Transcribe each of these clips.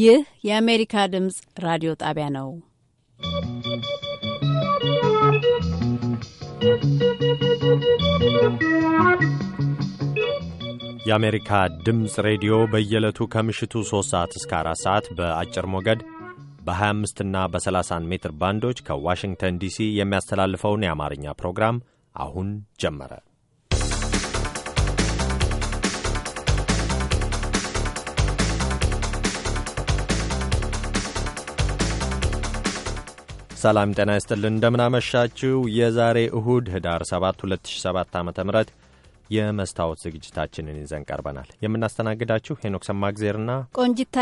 ይህ የአሜሪካ ድምፅ ራዲዮ ጣቢያ ነው። የአሜሪካ ድምፅ ሬዲዮ በየዕለቱ ከምሽቱ 3 ሰዓት እስከ 4 ሰዓት በአጭር ሞገድ በ25 እና በ30 ሜትር ባንዶች ከዋሽንግተን ዲሲ የሚያስተላልፈውን የአማርኛ ፕሮግራም አሁን ጀመረ። ሰላም ጤና ይስጥልን። እንደምናመሻችው የዛሬ እሁድ ህዳር 7 2007 ዓ ም የመስታወት ዝግጅታችንን ይዘን ቀርበናል። የምናስተናግዳችሁ ሄኖክ ሰማግዜርና ቆንጂት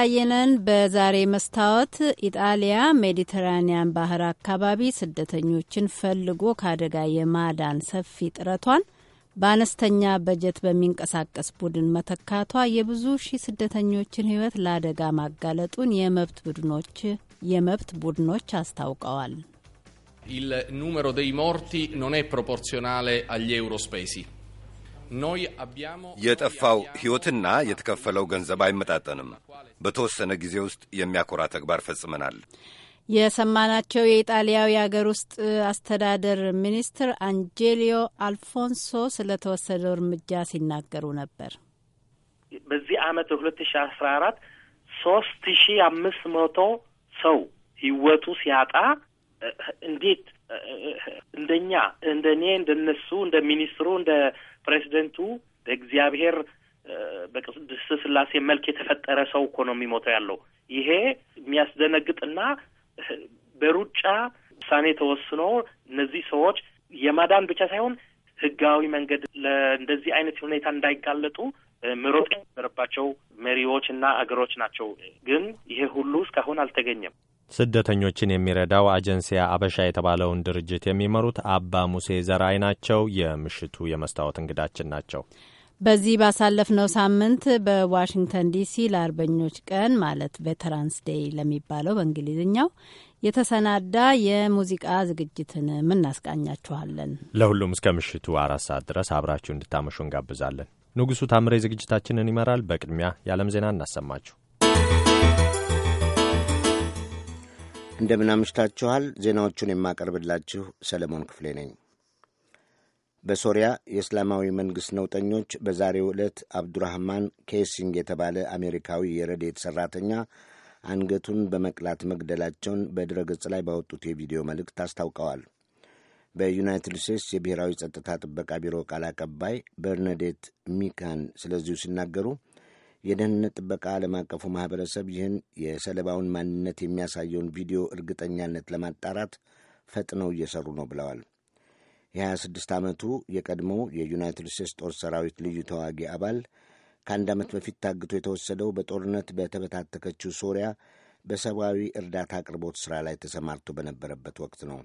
በዛሬ መስታወት ኢጣሊያ ሜዲተራኒያን ባህር አካባቢ ስደተኞችን ፈልጎ ከአደጋ የማዳን ሰፊ ጥረቷን በአነስተኛ በጀት በሚንቀሳቀስ ቡድን መተካቷ የብዙ ሺህ ስደተኞችን ህይወት ለአደጋ ማጋለጡን የመብት ቡድኖች የመብት ቡድኖች አስታውቀዋል። Il numero dei morti non è proporzionale agli euro spesi. የጠፋው ሕይወትና የተከፈለው ገንዘብ አይመጣጠንም። በተወሰነ ጊዜ ውስጥ የሚያኮራ ተግባር ፈጽመናል። የሰማናቸው የኢጣሊያው የአገር ውስጥ አስተዳደር ሚኒስትር አንጄሊዮ አልፎንሶ ስለተወሰደው እርምጃ ሲናገሩ ነበር። በዚህ ዓመት በሁለት ሺ አስራ አራት ሶስት ሺ አምስት መቶ ሰው ህይወቱ ሲያጣ እንዴት እንደኛ እንደ እኔ እንደነሱ እንደ ሚኒስትሩ እንደ ፕሬዚደንቱ በእግዚአብሔር በቅድስት ስላሴ መልክ የተፈጠረ ሰው እኮ ነው የሚሞተው ያለው። ይሄ የሚያስደነግጥና በሩጫ ውሳኔ ተወስኖ እነዚህ ሰዎች የማዳን ብቻ ሳይሆን ህጋዊ መንገድ ለእንደዚህ አይነት ሁኔታ እንዳይጋለጡ መሮጥ የነበረባቸው መሪዎች እና አገሮች ናቸው። ግን ይሄ ሁሉ እስካሁን አልተገኘም። ስደተኞችን የሚረዳው አጀንሲያ አበሻ የተባለውን ድርጅት የሚመሩት አባ ሙሴ ዘራይ ናቸው። የምሽቱ የመስታወት እንግዳችን ናቸው። በዚህ ባሳለፍነው ሳምንት በዋሽንግተን ዲሲ ለአርበኞች ቀን ማለት ቬተራንስ ዴይ ለሚባለው በእንግሊዝኛው የተሰናዳ የሙዚቃ ዝግጅትን ምናስቃኛችኋለን። ለሁሉም እስከ ምሽቱ አራት ሰዓት ድረስ አብራችሁ እንድታመሹ እንጋብዛለን። ንጉሡ ታምሬ ዝግጅታችንን ይመራል። በቅድሚያ የዓለም ዜና እናሰማችሁ። እንደምናምሽታችኋል። ዜናዎቹን የማቀርብላችሁ ሰለሞን ክፍሌ ነኝ። በሶሪያ የእስላማዊ መንግሥት ነውጠኞች በዛሬው ዕለት አብዱራህማን ኬሲንግ የተባለ አሜሪካዊ የረድኤት ሠራተኛ አንገቱን በመቅላት መግደላቸውን በድረ ገጽ ላይ ባወጡት የቪዲዮ መልእክት አስታውቀዋል። በዩናይትድ ስቴትስ የብሔራዊ ጸጥታ ጥበቃ ቢሮ ቃል አቀባይ በርነዴት ሚካን ስለዚሁ ሲናገሩ የደህንነት ጥበቃ ዓለም አቀፉ ማኅበረሰብ ይህን የሰለባውን ማንነት የሚያሳየውን ቪዲዮ እርግጠኛነት ለማጣራት ፈጥነው እየሰሩ ነው ብለዋል። የ26 ዓመቱ የቀድሞው የዩናይትድ ስቴትስ ጦር ሰራዊት ልዩ ተዋጊ አባል ከአንድ ዓመት በፊት ታግቶ የተወሰደው በጦርነት በተበታተከችው ሶሪያ በሰብአዊ እርዳታ አቅርቦት ሥራ ላይ ተሰማርቶ በነበረበት ወቅት ነው።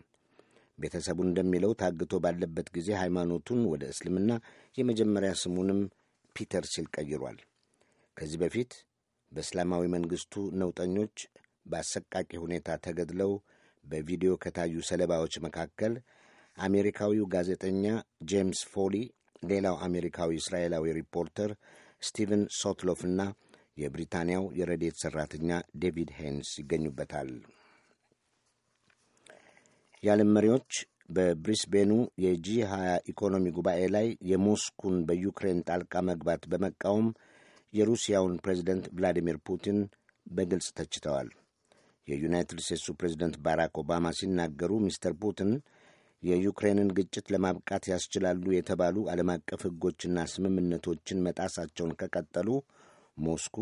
ቤተሰቡ እንደሚለው ታግቶ ባለበት ጊዜ ሃይማኖቱን ወደ እስልምና የመጀመሪያ ስሙንም ፒተር ሲል ቀይሯል። ከዚህ በፊት በእስላማዊ መንግሥቱ ነውጠኞች በአሰቃቂ ሁኔታ ተገድለው በቪዲዮ ከታዩ ሰለባዎች መካከል አሜሪካዊው ጋዜጠኛ ጄምስ ፎሊ፣ ሌላው አሜሪካዊ እስራኤላዊ ሪፖርተር ስቲቨን ሶትሎፍና የብሪታንያው የረዴት ሠራተኛ ዴቪድ ሄንስ ይገኙበታል። የዓለም መሪዎች በብሪስቤኑ የጂ 20 ኢኮኖሚ ጉባኤ ላይ የሞስኩን በዩክሬን ጣልቃ መግባት በመቃወም የሩሲያውን ፕሬዚደንት ቭላዲሚር ፑቲን በግልጽ ተችተዋል። የዩናይትድ ስቴትሱ ፕሬዚደንት ባራክ ኦባማ ሲናገሩ ሚስተር ፑቲን የዩክሬንን ግጭት ለማብቃት ያስችላሉ የተባሉ ዓለም አቀፍ ሕጎችና ስምምነቶችን መጣሳቸውን ከቀጠሉ ሞስኩ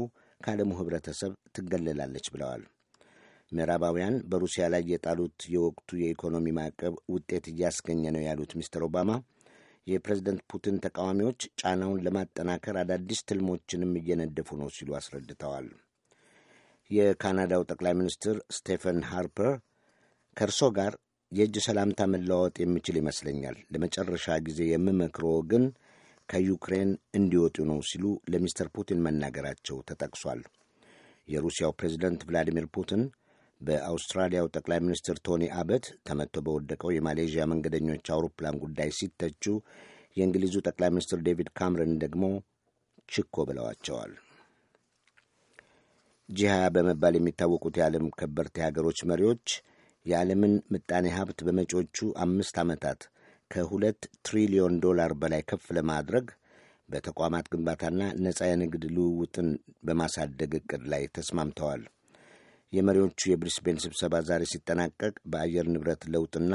ከዓለሙ ኅብረተሰብ ትገለላለች ብለዋል። ምዕራባውያን በሩሲያ ላይ የጣሉት የወቅቱ የኢኮኖሚ ማዕቀብ ውጤት እያስገኘ ነው ያሉት ሚስተር ኦባማ የፕሬዝደንት ፑቲን ተቃዋሚዎች ጫናውን ለማጠናከር አዳዲስ ትልሞችንም እየነደፉ ነው ሲሉ አስረድተዋል። የካናዳው ጠቅላይ ሚኒስትር ስቴፈን ሃርፐር ከእርሶ ጋር የእጅ ሰላምታ መለዋወጥ የምችል ይመስለኛል፣ ለመጨረሻ ጊዜ የምመክሮ ግን ከዩክሬን እንዲወጡ ነው ሲሉ ለሚስተር ፑቲን መናገራቸው ተጠቅሷል። የሩሲያው ፕሬዝደንት ቭላዲሚር ፑቲን በአውስትራሊያው ጠቅላይ ሚኒስትር ቶኒ አበት ተመቶ በወደቀው የማሌዥያ መንገደኞች አውሮፕላን ጉዳይ ሲተቹ የእንግሊዙ ጠቅላይ ሚኒስትር ዴቪድ ካምረን ደግሞ ችኮ ብለዋቸዋል። ጂ ጂ20 በመባል የሚታወቁት የዓለም ከበርቴ ሀገሮች መሪዎች የዓለምን ምጣኔ ሀብት በመጪዎቹ አምስት ዓመታት ከሁለት ትሪሊዮን ዶላር በላይ ከፍ ለማድረግ በተቋማት ግንባታና ነፃ የንግድ ልውውጥን በማሳደግ እቅድ ላይ ተስማምተዋል። የመሪዎቹ የብሪስቤን ስብሰባ ዛሬ ሲጠናቀቅ በአየር ንብረት ለውጥና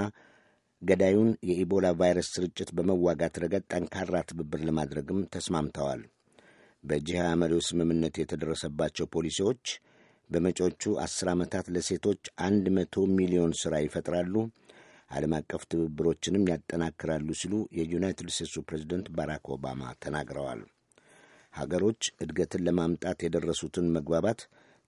ገዳዩን የኢቦላ ቫይረስ ስርጭት በመዋጋት ረገድ ጠንካራ ትብብር ለማድረግም ተስማምተዋል። በጂሃ መሪዎች ስምምነት የተደረሰባቸው ፖሊሲዎች በመጪዎቹ አስር ዓመታት ለሴቶች አንድ መቶ ሚሊዮን ሥራ ይፈጥራሉ፣ ዓለም አቀፍ ትብብሮችንም ያጠናክራሉ ሲሉ የዩናይትድ ስቴትሱ ፕሬዚደንት ባራክ ኦባማ ተናግረዋል። ሀገሮች እድገትን ለማምጣት የደረሱትን መግባባት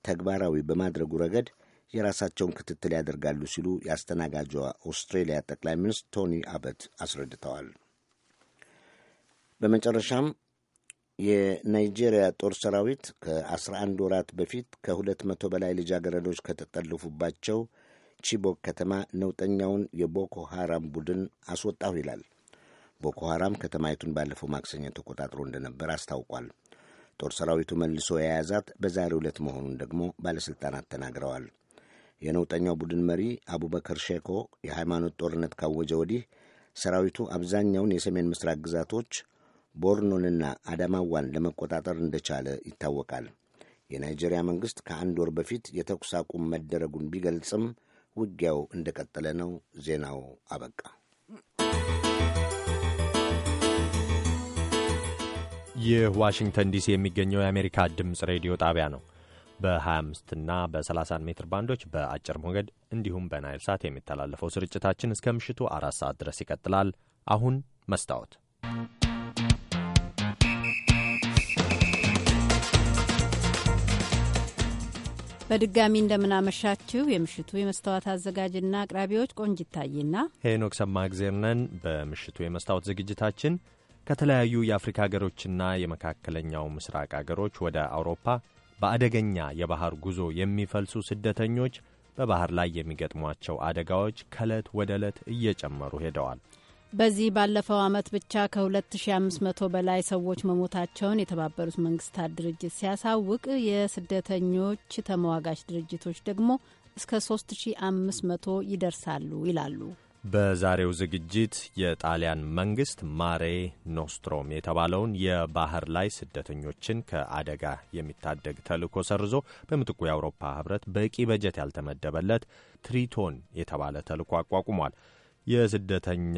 ተግባራዊ በማድረጉ ረገድ የራሳቸውን ክትትል ያደርጋሉ ሲሉ የአስተናጋጇ ኦስትሬሊያ ጠቅላይ ሚኒስትር ቶኒ አበት አስረድተዋል። በመጨረሻም የናይጄሪያ ጦር ሰራዊት ከ11 ወራት በፊት ከ200 በላይ ልጃገረዶች ከተጠለፉባቸው ቺቦክ ከተማ ነውጠኛውን የቦኮ ሃራም ቡድን አስወጣሁ ይላል። ቦኮ ሃራም ከተማይቱን ባለፈው ማክሰኞ ተቆጣጥሮ እንደነበር አስታውቋል። ጦር ሰራዊቱ መልሶ የያዛት በዛሬ ዕለት መሆኑን ደግሞ ባለሥልጣናት ተናግረዋል። የነውጠኛው ቡድን መሪ አቡበከር ሼኮ የሃይማኖት ጦርነት ካወጀ ወዲህ ሰራዊቱ አብዛኛውን የሰሜን ምስራቅ ግዛቶች ቦርኖንና አዳማዋን ለመቆጣጠር እንደቻለ ይታወቃል። የናይጄሪያ መንግሥት ከአንድ ወር በፊት የተኩስ አቁም መደረጉን ቢገልጽም ውጊያው እንደቀጠለ ነው። ዜናው አበቃ። ይህ ዋሽንግተን ዲሲ የሚገኘው የአሜሪካ ድምፅ ሬዲዮ ጣቢያ ነው። በ25 እና በ30 ሜትር ባንዶች በአጭር ሞገድ እንዲሁም በናይል ሳት የሚተላለፈው ስርጭታችን እስከ ምሽቱ አራት ሰዓት ድረስ ይቀጥላል። አሁን መስታወት በድጋሚ እንደምናመሻችሁ የምሽቱ የመስታወት አዘጋጅና አቅራቢዎች ቆንጅታይና ሄኖክ ሰማእግዜር በምሽቱ የመስታወት ዝግጅታችን ከተለያዩ የአፍሪካ ሀገሮችና የመካከለኛው ምስራቅ አገሮች ወደ አውሮፓ በአደገኛ የባህር ጉዞ የሚፈልሱ ስደተኞች በባህር ላይ የሚገጥሟቸው አደጋዎች ከዕለት ወደ ዕለት እየጨመሩ ሄደዋል። በዚህ ባለፈው ዓመት ብቻ ከ2500 በላይ ሰዎች መሞታቸውን የተባበሩት መንግስታት ድርጅት ሲያሳውቅ የስደተኞች ተመዋጋች ድርጅቶች ደግሞ እስከ 3500 ይደርሳሉ ይላሉ። በዛሬው ዝግጅት የጣሊያን መንግስት ማሬ ኖስትሮም የተባለውን የባህር ላይ ስደተኞችን ከአደጋ የሚታደግ ተልዕኮ ሰርዞ በምትኩ የአውሮፓ ህብረት በቂ በጀት ያልተመደበለት ትሪቶን የተባለ ተልኮ አቋቁሟል። የስደተኛ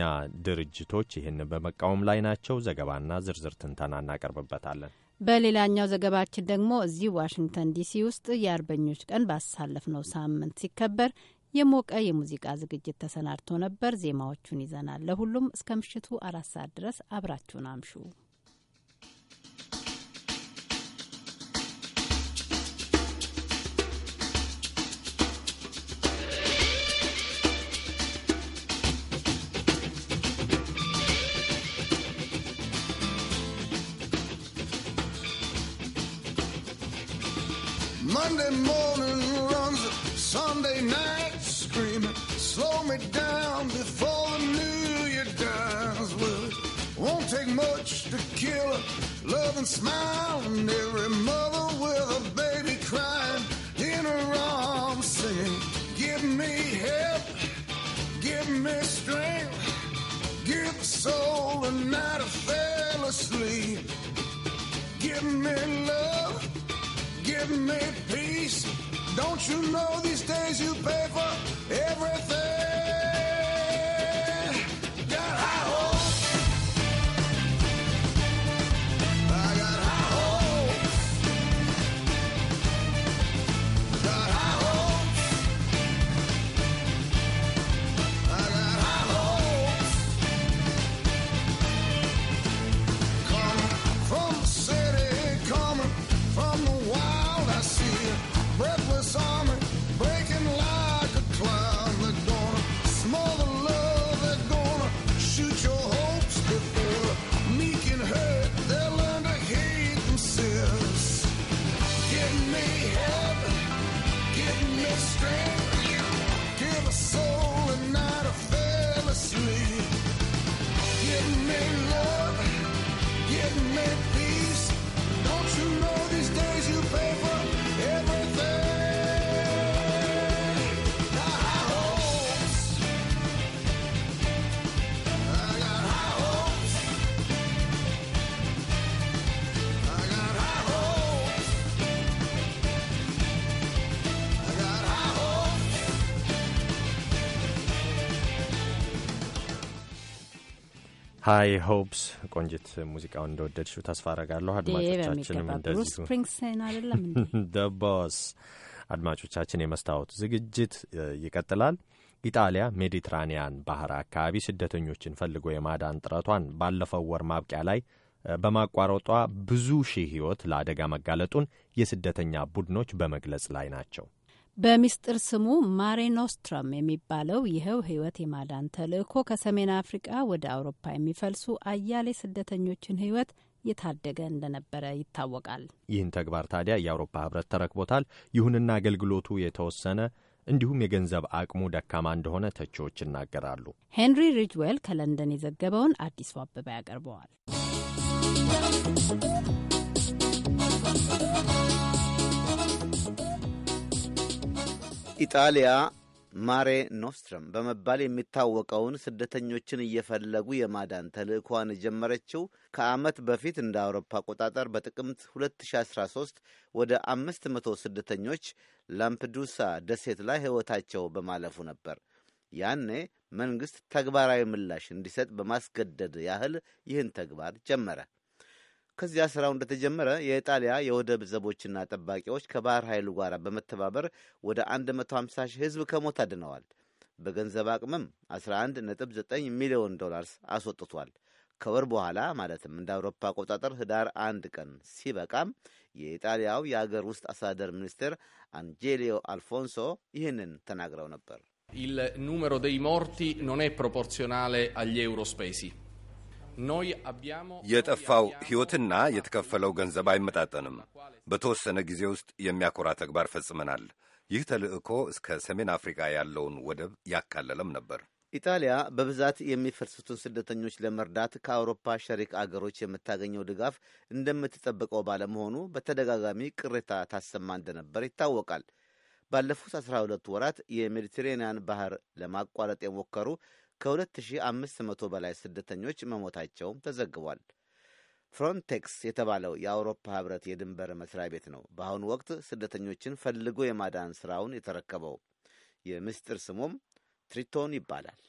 ድርጅቶች ይህን በመቃወም ላይ ናቸው። ዘገባና ዝርዝር ትንተና እናቀርብበታለን። በሌላኛው ዘገባችን ደግሞ እዚህ ዋሽንግተን ዲሲ ውስጥ የአርበኞች ቀን ባሳለፍነው ሳምንት ሲከበር የሞቀ የሙዚቃ ዝግጅት ተሰናድቶ ነበር። ዜማዎቹን ይዘናል። ለሁሉም እስከ ምሽቱ አራት ሰዓት ድረስ አብራችሁን አምሹ። Monday morning and smiling, every mother with a baby crying in her arms, singing, Give me help, give me strength, give a soul the night I fell asleep. Give me love, give me peace. Don't you know these days you pay for everything? ሀይ ሆፕስ ቆንጅት፣ ሙዚቃውን እንደወደድሽው ተስፋ አረጋለሁ። አድማጮቻችንም እንደዚሁ ስፕሪንግስቴን አይደለም ቦስ። አድማጮቻችን የመስታወት ዝግጅት ይቀጥላል። ኢጣሊያ ሜዲትራኒያን ባህር አካባቢ ስደተኞችን ፈልጎ የማዳን ጥረቷን ባለፈው ወር ማብቂያ ላይ በማቋረጧ ብዙ ሺህ ሕይወት ለአደጋ መጋለጡን የስደተኛ ቡድኖች በመግለጽ ላይ ናቸው። በሚስጥር ስሙ ማሬ ኖስትረም የሚባለው ይኸው ህይወት የማዳን ተልእኮ ከሰሜን አፍሪቃ ወደ አውሮፓ የሚፈልሱ አያሌ ስደተኞችን ህይወት የታደገ እንደነበረ ይታወቃል። ይህን ተግባር ታዲያ የአውሮፓ ህብረት ተረክቦታል። ይሁንና አገልግሎቱ የተወሰነ እንዲሁም የገንዘብ አቅሙ ደካማ እንደሆነ ተቺዎች ይናገራሉ። ሄንሪ ሪጅዌል ከለንደን የዘገበውን አዲሱ አበባ ያቀርበዋል። ኢጣሊያ ማሬ ኖስትረም በመባል የሚታወቀውን ስደተኞችን እየፈለጉ የማዳን ተልእኳን የጀመረችው ከዓመት በፊት እንደ አውሮፓ አቆጣጠር በጥቅምት 2013 ወደ 500 ስደተኞች ላምፕዱሳ ደሴት ላይ ሕይወታቸው በማለፉ ነበር። ያኔ መንግሥት ተግባራዊ ምላሽ እንዲሰጥ በማስገደድ ያህል ይህን ተግባር ጀመረ። ከዚያ ስራው እንደተጀመረ የኢጣሊያ የወደብ ዘቦችና ጠባቂዎች ከባህር ኃይሉ ጋር በመተባበር ወደ 150 ሺህ ህዝብ ከሞት አድነዋል። በገንዘብ አቅምም 11.9 ሚሊዮን ዶላርስ አስወጥቷል። ከወር በኋላ ማለትም እንደ አውሮፓ አቆጣጠር ህዳር አንድ ቀን ሲበቃም የኢጣሊያው የአገር ውስጥ አስተዳደር ሚኒስትር አንጄሊዮ አልፎንሶ ይህንን ተናግረው ነበር። ኢል numero dei ሞርቲ ኖን è proporzionale የጠፋው ሕይወትና የተከፈለው ገንዘብ አይመጣጠንም። በተወሰነ ጊዜ ውስጥ የሚያኮራ ተግባር ፈጽመናል። ይህ ተልዕኮ እስከ ሰሜን አፍሪካ ያለውን ወደብ ያካለለም ነበር። ኢጣሊያ በብዛት የሚፈልሱትን ስደተኞች ለመርዳት ከአውሮፓ ሸሪክ አገሮች የምታገኘው ድጋፍ እንደምትጠብቀው ባለመሆኑ በተደጋጋሚ ቅሬታ ታሰማ እንደነበር ይታወቃል። ባለፉት 12 ወራት የሜዲትሬንያን ባህር ለማቋረጥ የሞከሩ ከ2500 በላይ ስደተኞች መሞታቸውም ተዘግቧል። ፍሮንቴክስ የተባለው የአውሮፓ ህብረት የድንበር መስሪያ ቤት ነው በአሁኑ ወቅት ስደተኞችን ፈልጎ የማዳን ሥራውን የተረከበው። የምስጢር ስሙም ትሪቶን ይባላል።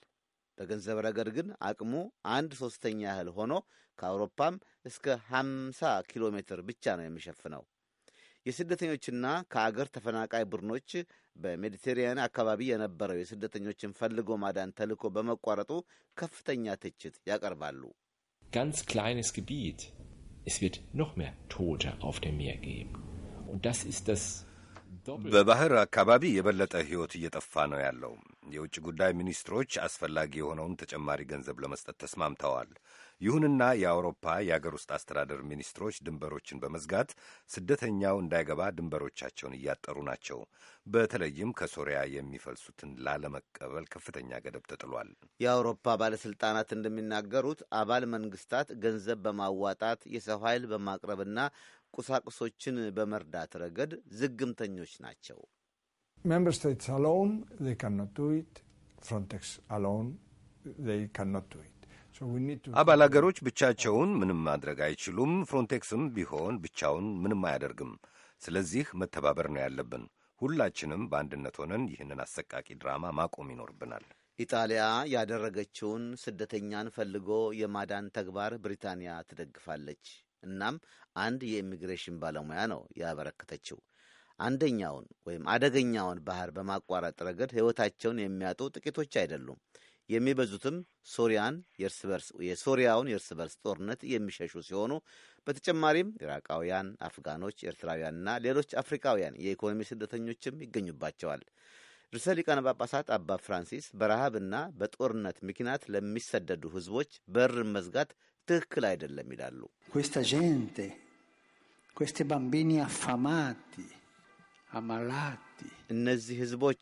በገንዘብ ረገድ ግን አቅሙ አንድ ሦስተኛ ያህል ሆኖ ከአውሮፓም እስከ 50 ኪሎ ሜትር ብቻ ነው የሚሸፍነው። የስደተኞችና ከአገር ተፈናቃይ ቡድኖች በሜዲቴሪያን አካባቢ የነበረው የስደተኞችን ፈልጎ ማዳን ተልዕኮ በመቋረጡ ከፍተኛ ትችት ያቀርባሉ። ጋንስ ክላይንስ ግቢት Es wird ኖህ mehr ቶተ auf dem Meer geben. Und das በባህር አካባቢ የበለጠ ሕይወት እየጠፋ ነው ያለው። የውጭ ጉዳይ ሚኒስትሮች አስፈላጊ የሆነውን ተጨማሪ ገንዘብ ለመስጠት ተስማምተዋል። ይሁንና የአውሮፓ የአገር ውስጥ አስተዳደር ሚኒስትሮች ድንበሮችን በመዝጋት ስደተኛው እንዳይገባ ድንበሮቻቸውን እያጠሩ ናቸው። በተለይም ከሶሪያ የሚፈልሱትን ላለመቀበል ከፍተኛ ገደብ ተጥሏል። የአውሮፓ ባለሥልጣናት እንደሚናገሩት አባል መንግስታት ገንዘብ በማዋጣት የሰው ኃይል በማቅረብና ቁሳቁሶችን በመርዳት ረገድ ዝግምተኞች ናቸው። ሜምበር ስቴትስ አሎን they cannot do አባል አገሮች ብቻቸውን ምንም ማድረግ አይችሉም። ፍሮንቴክስም ቢሆን ብቻውን ምንም አያደርግም። ስለዚህ መተባበር ነው ያለብን። ሁላችንም በአንድነት ሆነን ይህንን አሰቃቂ ድራማ ማቆም ይኖርብናል። ኢጣሊያ ያደረገችውን ስደተኛን ፈልጎ የማዳን ተግባር ብሪታንያ ትደግፋለች። እናም አንድ የኢሚግሬሽን ባለሙያ ነው ያበረከተችው። አንደኛውን ወይም አደገኛውን ባህር በማቋረጥ ረገድ ሕይወታቸውን የሚያጡ ጥቂቶች አይደሉም። የሚበዙትም ሶሪያን የእርስ በርስ የሶሪያውን የእርስ በርስ ጦርነት የሚሸሹ ሲሆኑ በተጨማሪም ኢራቃውያን፣ አፍጋኖች፣ ኤርትራውያንና ሌሎች አፍሪካውያን የኢኮኖሚ ስደተኞችም ይገኙባቸዋል። ርዕሰ ሊቃነ ጳጳሳት አባ ፍራንሲስ በረሃብና በጦርነት ምክንያት ለሚሰደዱ ህዝቦች በር መዝጋት ትክክል አይደለም ይላሉ። ኩስተ ጀንቴ ኩስቴ ባምቢኒ አፋማቲ እነዚህ ህዝቦች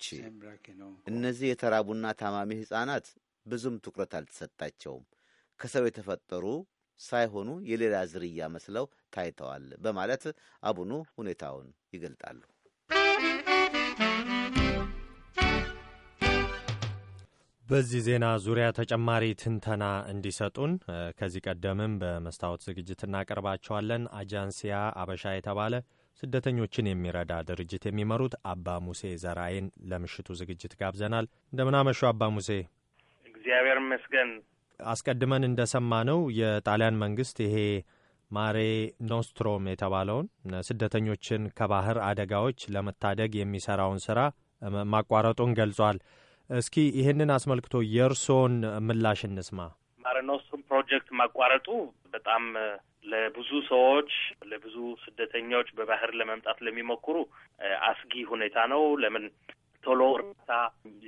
እነዚህ የተራቡና ታማሚ ሕፃናት ብዙም ትኩረት አልተሰጣቸውም። ከሰው የተፈጠሩ ሳይሆኑ የሌላ ዝርያ መስለው ታይተዋል በማለት አቡኑ ሁኔታውን ይገልጣሉ። በዚህ ዜና ዙሪያ ተጨማሪ ትንተና እንዲሰጡን ከዚህ ቀደምም በመስታወት ዝግጅት እናቀርባቸዋለን። አጃንሲያ አበሻ የተባለ ስደተኞችን የሚረዳ ድርጅት የሚመሩት አባ ሙሴ ዘራይን ለምሽቱ ዝግጅት ጋብዘናል። እንደምናመሹ አባ ሙሴ። እግዚአብሔር ይመስገን። አስቀድመን ነው የጣሊያን መንግስት ይሄ ማሬ ኖስትሮም የተባለውን ስደተኞችን ከባህር አደጋዎች ለመታደግ የሚሰራውን ስራ ማቋረጡን ገልጿል። እስኪ ይህንን አስመልክቶ የእርሶን ምላሽ እንስማ። ማረኖስትሩም ፕሮጀክት ማቋረጡ በጣም ለብዙ ሰዎች ለብዙ ስደተኞች በባህር ለመምጣት ለሚሞክሩ አስጊ ሁኔታ ነው። ለምን ቶሎ እርዳታ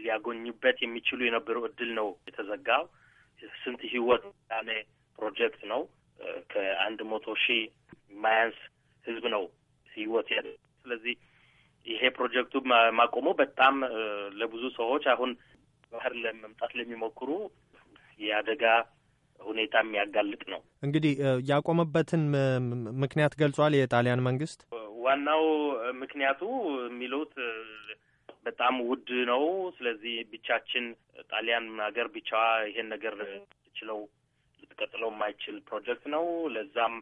ሊያገኙበት የሚችሉ የነበሩ እድል ነው የተዘጋው። ስንት ህይወት ያኔ ፕሮጀክት ነው። ከአንድ መቶ ሺህ ማያንስ ህዝብ ነው ህይወት ያለ። ስለዚህ ይሄ ፕሮጀክቱ ማቆሙ በጣም ለብዙ ሰዎች አሁን ባህር ለመምጣት ለሚሞክሩ የአደጋ ሁኔታ የሚያጋልጥ ነው። እንግዲህ ያቆመበትን ምክንያት ገልጿል የጣሊያን መንግስት። ዋናው ምክንያቱ የሚሉት በጣም ውድ ነው። ስለዚህ ብቻችን ጣሊያን ሀገር ብቻዋ ይሄን ነገር ችለው ልትቀጥለው የማይችል ፕሮጀክት ነው። ለዛም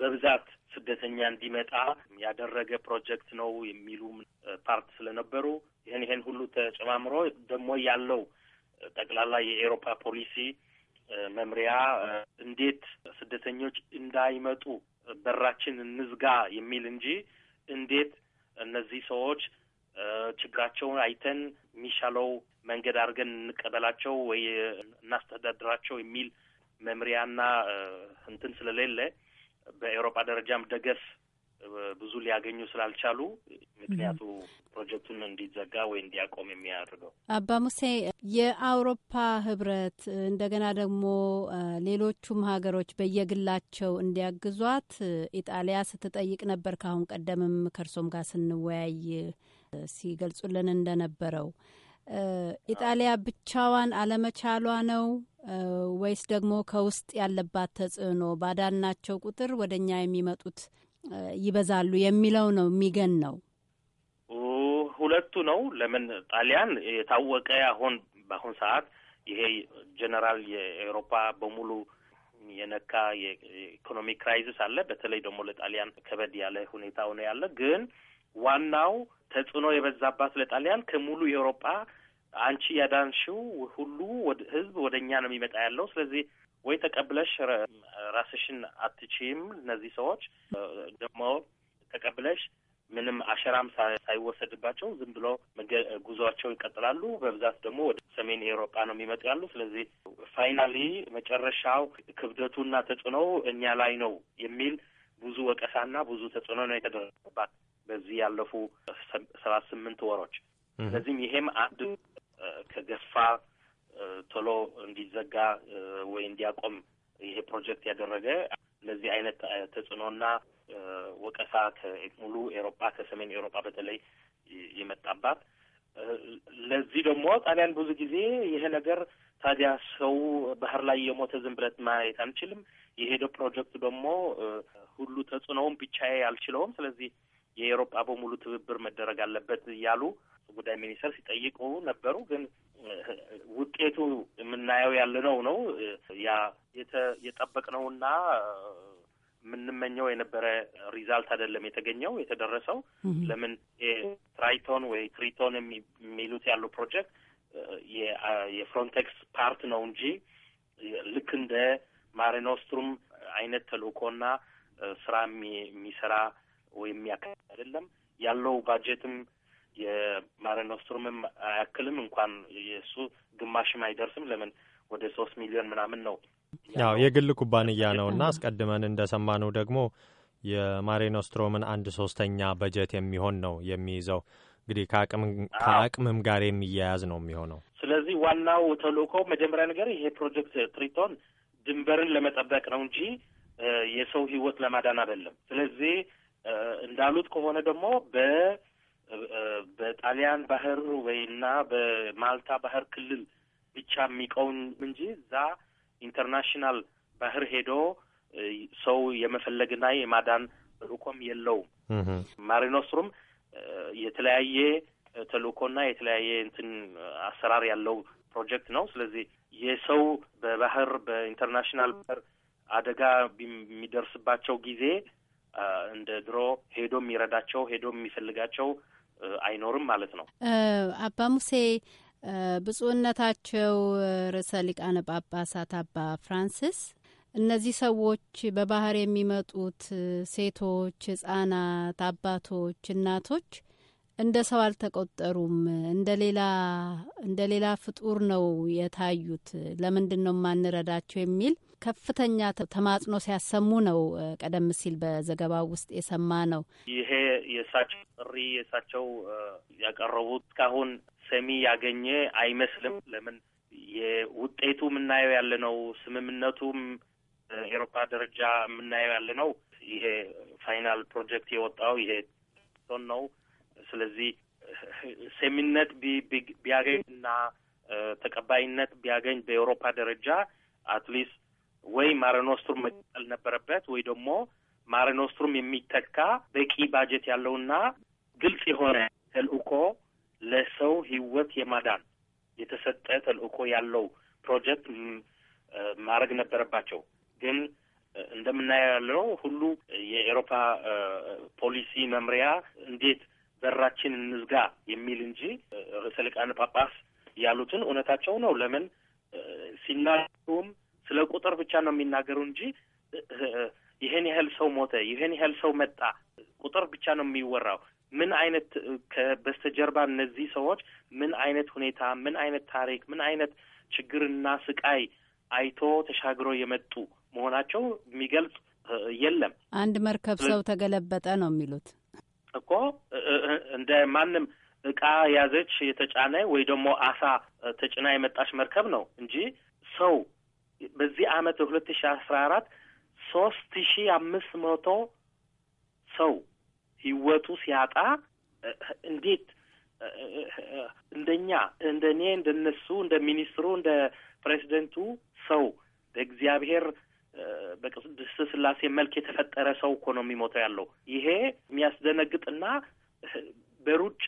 በብዛት ስደተኛ እንዲመጣ ያደረገ ፕሮጀክት ነው የሚሉ ፓርት ስለነበሩ ይህን ይህን ሁሉ ተጨማምሮ ደግሞ ያለው ጠቅላላ የኤሮፓ ፖሊሲ መምሪያ እንዴት ስደተኞች እንዳይመጡ በራችን እንዝጋ የሚል እንጂ እንዴት እነዚህ ሰዎች ችግራቸውን አይተን የሚሻለው መንገድ አድርገን እንቀበላቸው ወይ እናስተዳድራቸው የሚል መምሪያና እንትን ስለሌለ በኤሮፓ ደረጃም ደገፍ ብዙ ሊያገኙ ስላልቻሉ ምክንያቱ ፕሮጀክቱን እንዲዘጋ ወይ እንዲያቆም የሚያደርገው። አባ ሙሴ የአውሮፓ ህብረት እንደገና ደግሞ ሌሎቹም ሀገሮች በየግላቸው እንዲያግዟት ኢጣሊያ ስትጠይቅ ነበር። ካአሁን ቀደምም ከእርሶም ጋር ስንወያይ ሲገልጹልን እንደነበረው ኢጣሊያ ብቻዋን አለመቻሏ ነው ወይስ ደግሞ ከውስጥ ያለባት ተጽዕኖ ባዳናቸው ቁጥር ወደ እኛ የሚመጡት ይበዛሉ የሚለው ነው የሚገን ነው። ሁለቱ ነው። ለምን ጣሊያን የታወቀ አሁን በአሁን ሰዓት ይሄ ጀነራል የአውሮፓ በሙሉ የነካ የኢኮኖሚ ክራይሲስ አለ። በተለይ ደግሞ ለጣሊያን ከበድ ያለ ሁኔታ ሆነ ያለ ግን ዋናው ተጽዕኖ የበዛባት ለጣሊያን ከሙሉ የአውሮፓ አንቺ ያዳንሽው ሁሉ ህዝብ ወደ እኛ ነው የሚመጣ ያለው። ስለዚህ ወይ ተቀብለሽ ራስሽን አትችይም። እነዚህ ሰዎች ደግሞ ተቀብለሽ ምንም አሸራም ሳይወሰድባቸው ዝም ብሎ ጉዞቸው ይቀጥላሉ። በብዛት ደግሞ ወደ ሰሜን ኤውሮጳ ነው የሚመጡ ያሉ። ስለዚህ ፋይናሊ መጨረሻው ክብደቱና ተጽዕኖው እኛ ላይ ነው የሚል ብዙ ወቀሳና ብዙ ተጽዕኖ ነው የተደረገባት በዚህ ያለፉ ሰባት ስምንት ወሮች። ስለዚህም ይሄም አንድ ከገፋ ቶሎ እንዲዘጋ ወይ እንዲያቆም ይሄ ፕሮጀክት ያደረገ ለዚህ አይነት ተጽዕኖና ወቀሳ ከሙሉ ኤሮጳ ከሰሜን ኤሮጳ በተለይ የመጣባት ለዚህ ደግሞ ጣሊያን ብዙ ጊዜ ይሄ ነገር ታዲያ ሰው ባህር ላይ የሞተ ዝም ብለት ማየት አንችልም። የሄደ ፕሮጀክት ደግሞ ሁሉ ተጽዕኖውን ብቻዬ አልችለውም። ስለዚህ የኤሮጳ በሙሉ ትብብር መደረግ አለበት እያሉ ጉዳይ ሚኒስተር ሲጠይቁ ነበሩ ግን ውጤቱ የምናየው ያለነው ነው። ያ የጠበቅነውና የምንመኘው የነበረ ሪዛልት አይደለም የተገኘው የተደረሰው። ለምን ትራይቶን ወይ ትሪቶን የሚሉት ያለው ፕሮጀክት የፍሮንቴክስ ፓርት ነው እንጂ ልክ እንደ ማሪኖስትሩም አይነት ተልእኮና ስራ የሚሰራ ወይም የሚያካ አይደለም። ያለው ባጀትም የማረኖስትሩምም አያክልም እንኳን የእሱ ግማሽም አይደርስም። ለምን ወደ ሶስት ሚሊዮን ምናምን ነው። ያው የግል ኩባንያ ነው እና አስቀድመን እንደሰማነው ደግሞ የማሬኖስትሮምን አንድ ሶስተኛ በጀት የሚሆን ነው የሚይዘው። እንግዲህ ከአቅምም ጋር የሚያያዝ ነው የሚሆነው። ስለዚህ ዋናው ተልእኮ መጀመሪያ ነገር ይሄ ፕሮጀክት ትሪቶን ድንበርን ለመጠበቅ ነው እንጂ የሰው ሕይወት ለማዳን አይደለም። ስለዚህ እንዳሉት ከሆነ ደግሞ በ በጣሊያን ባህር ወይና በማልታ ባህር ክልል ብቻ የሚቀውን እንጂ እዛ ኢንተርናሽናል ባህር ሄዶ ሰው የመፈለግና የማዳን ተልእኮም የለውም። ማሪኖስሩም የተለያየ ተልእኮና የተለያየ እንትን አሰራር ያለው ፕሮጀክት ነው። ስለዚህ የሰው በባህር በኢንተርናሽናል ባህር አደጋ የሚደርስባቸው ጊዜ እንደ ድሮ ሄዶ የሚረዳቸው ሄዶ የሚፈልጋቸው አይኖርም ማለት ነው። አባ ሙሴ ብፁዕነታቸው ርዕሰ ሊቃነ ጳጳሳት አባ ፍራንሲስ እነዚህ ሰዎች በባህር የሚመጡት ሴቶች፣ ህጻናት፣ አባቶች፣ እናቶች እንደ ሰው አልተቆጠሩም። እንደ ሌላ እንደ ሌላ ፍጡር ነው የታዩት። ለምንድን ነው የማንረዳቸው የሚል ከፍተኛ ተማጽኖ ሲያሰሙ ነው ቀደም ሲል በዘገባው ውስጥ የሰማ ነው። ይሄ የእሳቸው ጥሪ የእሳቸው ያቀረቡት እስካሁን ሰሚ ያገኘ አይመስልም። ለምን የውጤቱ የምናየው ያለ ነው። ስምምነቱም ኤሮፓ ደረጃ የምናየው ያለ ነው። ይሄ ፋይናል ፕሮጀክት የወጣው ይሄ ነው ስለዚህ ሴሚነት ቢያገኝ እና ተቀባይነት ቢያገኝ በኤውሮፓ ደረጃ አትሊስት ወይ ማረኖስትሩም መቀጠል ነበረበት ወይ ደግሞ ማረኖስትሩም የሚተካ በቂ ባጀት ያለውና ግልጽ የሆነ ተልእኮ ለሰው ህይወት የማዳን የተሰጠ ተልእኮ ያለው ፕሮጀክት ማድረግ ነበረባቸው። ግን እንደምናየው ያለው ሁሉ የኤሮፓ ፖሊሲ መምሪያ እንዴት በራችን እንዝጋ የሚል እንጂ ርዕሰ ሊቃነ ጳጳስ ያሉትን እውነታቸው ነው። ለምን ሲናገሩም ስለ ቁጥር ብቻ ነው የሚናገሩ እንጂ ይህን ያህል ሰው ሞተ፣ ይሄን ያህል ሰው መጣ፣ ቁጥር ብቻ ነው የሚወራው። ምን አይነት ከበስተጀርባ እነዚህ ሰዎች ምን አይነት ሁኔታ፣ ምን አይነት ታሪክ፣ ምን አይነት ችግርና ስቃይ አይቶ ተሻግሮ የመጡ መሆናቸው የሚገልጽ የለም። አንድ መርከብ ሰው ተገለበጠ ነው የሚሉት። እኮ እንደ ማንም እቃ ያዘች የተጫነ ወይ ደግሞ አሳ ተጭና የመጣች መርከብ ነው እንጂ ሰው በዚህ አመት ሁለት ሺ አስራ አራት ሶስት ሺ አምስት መቶ ሰው ህይወቱ ሲያጣ እንዴት እንደኛ እንደ እኔ እንደነሱ እንደ ሚኒስትሩ እንደ ፕሬዚደንቱ ሰው በእግዚአብሔር በቅድስት ስላሴ መልክ የተፈጠረ ሰው እኮ ነው የሚሞተው ያለው። ይሄ የሚያስደነግጥና በሩጫ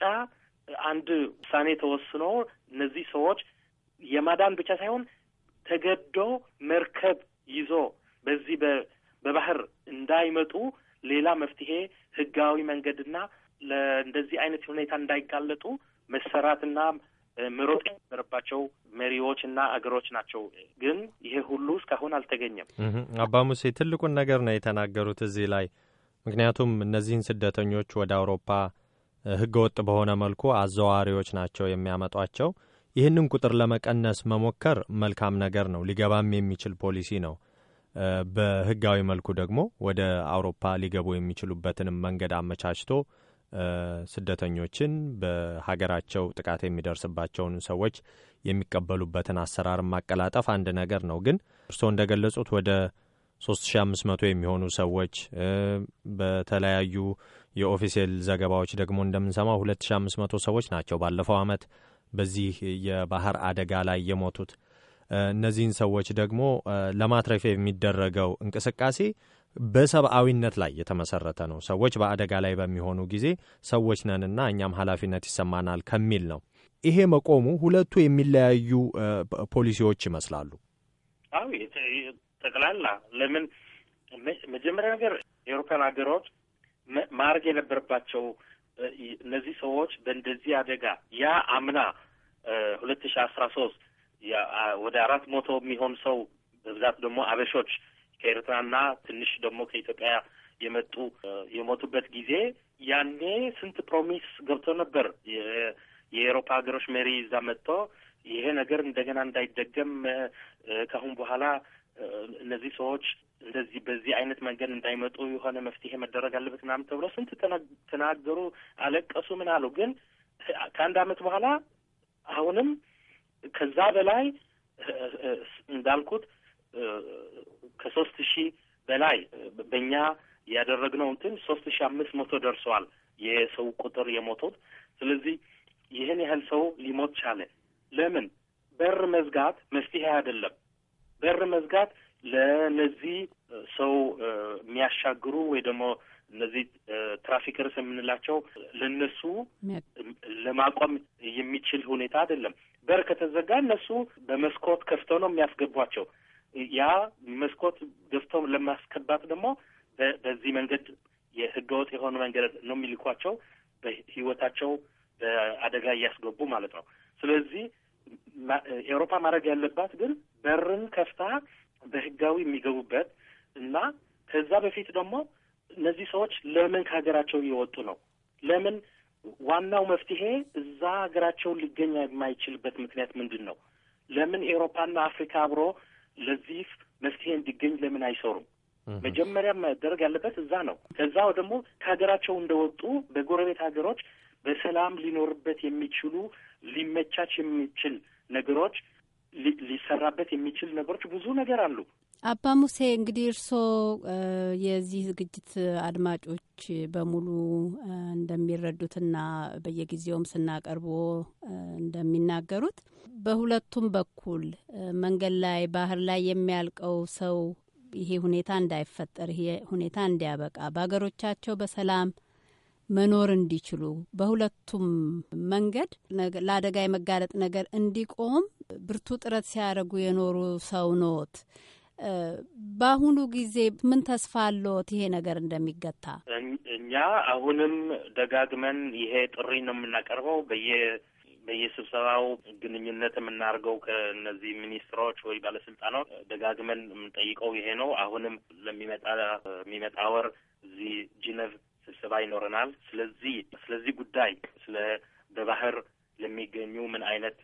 አንድ ውሳኔ ተወስኖ እነዚህ ሰዎች የማዳን ብቻ ሳይሆን ተገዶ መርከብ ይዞ በዚህ በባህር እንዳይመጡ ሌላ መፍትሄ ህጋዊ መንገድና ለእንደዚህ አይነት ሁኔታ እንዳይጋለጡ መሰራትና መሮጥ የነበረባቸው መሪዎች እና አገሮች ናቸው። ግን ይሄ ሁሉ እስካሁን አልተገኘም። አባ ሙሴ ትልቁን ነገር ነው የተናገሩት እዚህ ላይ ምክንያቱም እነዚህን ስደተኞች ወደ አውሮፓ ህገ ወጥ በሆነ መልኩ አዘዋዋሪዎች ናቸው የሚያመጧቸው። ይህንን ቁጥር ለመቀነስ መሞከር መልካም ነገር ነው፣ ሊገባም የሚችል ፖሊሲ ነው። በህጋዊ መልኩ ደግሞ ወደ አውሮፓ ሊገቡ የሚችሉበትንም መንገድ አመቻችቶ ስደተኞችን በሀገራቸው ጥቃት የሚደርስባቸውን ሰዎች የሚቀበሉበትን አሰራር ማቀላጠፍ አንድ ነገር ነው። ግን እርስዎ እንደገለጹት ወደ 3500 የሚሆኑ ሰዎች በተለያዩ የኦፊሴል ዘገባዎች ደግሞ እንደምንሰማው 2500 ሰዎች ናቸው ባለፈው ዓመት በዚህ የባህር አደጋ ላይ የሞቱት። እነዚህን ሰዎች ደግሞ ለማትረፍ የሚደረገው እንቅስቃሴ በሰብአዊነት ላይ የተመሰረተ ነው። ሰዎች በአደጋ ላይ በሚሆኑ ጊዜ ሰዎች ነንና እኛም ኃላፊነት ይሰማናል ከሚል ነው። ይሄ መቆሙ ሁለቱ የሚለያዩ ፖሊሲዎች ይመስላሉ። አዎ ጠቅላላ ለምን መጀመሪያ ነገር የአውሮፓን ሀገሮች ማድረግ የነበረባቸው እነዚህ ሰዎች በእንደዚህ አደጋ ያ አምና ሁለት ሺ አስራ ሶስት ወደ አራት መቶ የሚሆን ሰው በብዛት ደግሞ አበሾች ከኤርትራና ትንሽ ደግሞ ከኢትዮጵያ የመጡ የሞቱበት ጊዜ ያኔ ስንት ፕሮሚስ ገብቶ ነበር። የኤሮፓ ሀገሮች መሪ እዛ መጥቶ ይሄ ነገር እንደገና እንዳይደገም ከአሁን በኋላ እነዚህ ሰዎች እንደዚህ በዚህ አይነት መንገድ እንዳይመጡ የሆነ መፍትሄ መደረግ አለበት ምናምን ተብሎ ስንት ተናገሩ፣ አለቀሱ፣ ምን አሉ። ግን ከአንድ አመት በኋላ አሁንም ከዛ በላይ እንዳልኩት ከሶስት ሺህ በላይ በእኛ ያደረግነው እንትን ሶስት ሺህ አምስት መቶ ደርሰዋል የሰው ቁጥር የሞተው። ስለዚህ ይህን ያህል ሰው ሊሞት ቻለ። ለምን? በር መዝጋት መፍትሄ አይደለም። በር መዝጋት ለነዚህ ሰው የሚያሻግሩ ወይ ደግሞ እነዚህ ትራፊከርስ የምንላቸው ለነሱ ለማቆም የሚችል ሁኔታ አይደለም። በር ከተዘጋ እነሱ በመስኮት ከፍተው ነው የሚያስገቧቸው። ያ መስኮት ገፍቶ ለማስከባት ደግሞ በዚህ መንገድ የህገወጥ የሆነ መንገድ ነው የሚልኳቸው በህይወታቸው በአደጋ እያስገቡ ማለት ነው። ስለዚህ ኤውሮፓ ማድረግ ያለባት ግን በርን ከፍታ በህጋዊ የሚገቡበት እና ከዛ በፊት ደግሞ እነዚህ ሰዎች ለምን ከሀገራቸው እየወጡ ነው? ለምን ዋናው መፍትሄ እዛ ሀገራቸውን ሊገኝ የማይችልበት ምክንያት ምንድን ነው? ለምን ኤውሮፓና አፍሪካ አብሮ ለዚህ መፍትሄ እንዲገኝ ለምን አይሰሩም? መጀመሪያ መደረግ ያለበት እዛ ነው። ከዛ ደግሞ ከሀገራቸው እንደወጡ በጎረቤት ሀገሮች በሰላም ሊኖርበት የሚችሉ ሊመቻች የሚችል ነገሮች ሊሰራበት የሚችል ነገሮች ብዙ ነገር አሉ። አባ ሙሴ እንግዲህ እርስዎ የዚህ ዝግጅት አድማጮች በሙሉ እንደሚረዱትና በየጊዜውም ስናቀርቦ እንደሚናገሩት በሁለቱም በኩል መንገድ ላይ ባህር ላይ የሚያልቀው ሰው ይሄ ሁኔታ እንዳይፈጠር ይሄ ሁኔታ እንዲያበቃ በሀገሮቻቸው በሰላም መኖር እንዲችሉ በሁለቱም መንገድ ለአደጋ የመጋለጥ ነገር እንዲቆም ብርቱ ጥረት ሲያደርጉ የኖሩ ሰው ኖት። በአሁኑ ጊዜ ምን ተስፋ አለዎት ይሄ ነገር እንደሚገታ? እኛ አሁንም ደጋግመን ይሄ ጥሪ ነው የምናቀርበው በየ በየስብሰባው ግንኙነት የምናደርገው ከእነዚህ ሚኒስትሮች ወይ ባለስልጣኖች ደጋግመን የምንጠይቀው ይሄ ነው። አሁንም ለሚመጣ የሚመጣ ወር እዚህ ጂነቭ ስብሰባ ይኖረናል። ስለዚህ ስለዚህ ጉዳይ ስለ በባህር ለሚገኙ ምን አይነት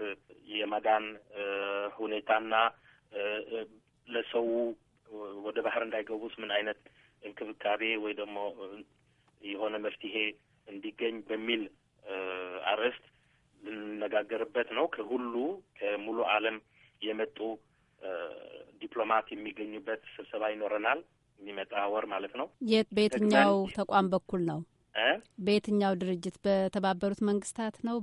የመዳን ሁኔታና ለሰው ወደ ባህር እንዳይገቡት ምን አይነት እንክብካቤ ወይ ደግሞ የሆነ መፍትሄ እንዲገኝ በሚል አርዕስት ልንነጋገርበት ነው። ከሁሉ ከሙሉ ዓለም የመጡ ዲፕሎማት የሚገኙበት ስብሰባ ይኖረናል። የሚመጣ ወር ማለት ነው። የት በየትኛው ተቋም በኩል ነው? በየትኛው ድርጅት? በተባበሩት መንግስታት ነው?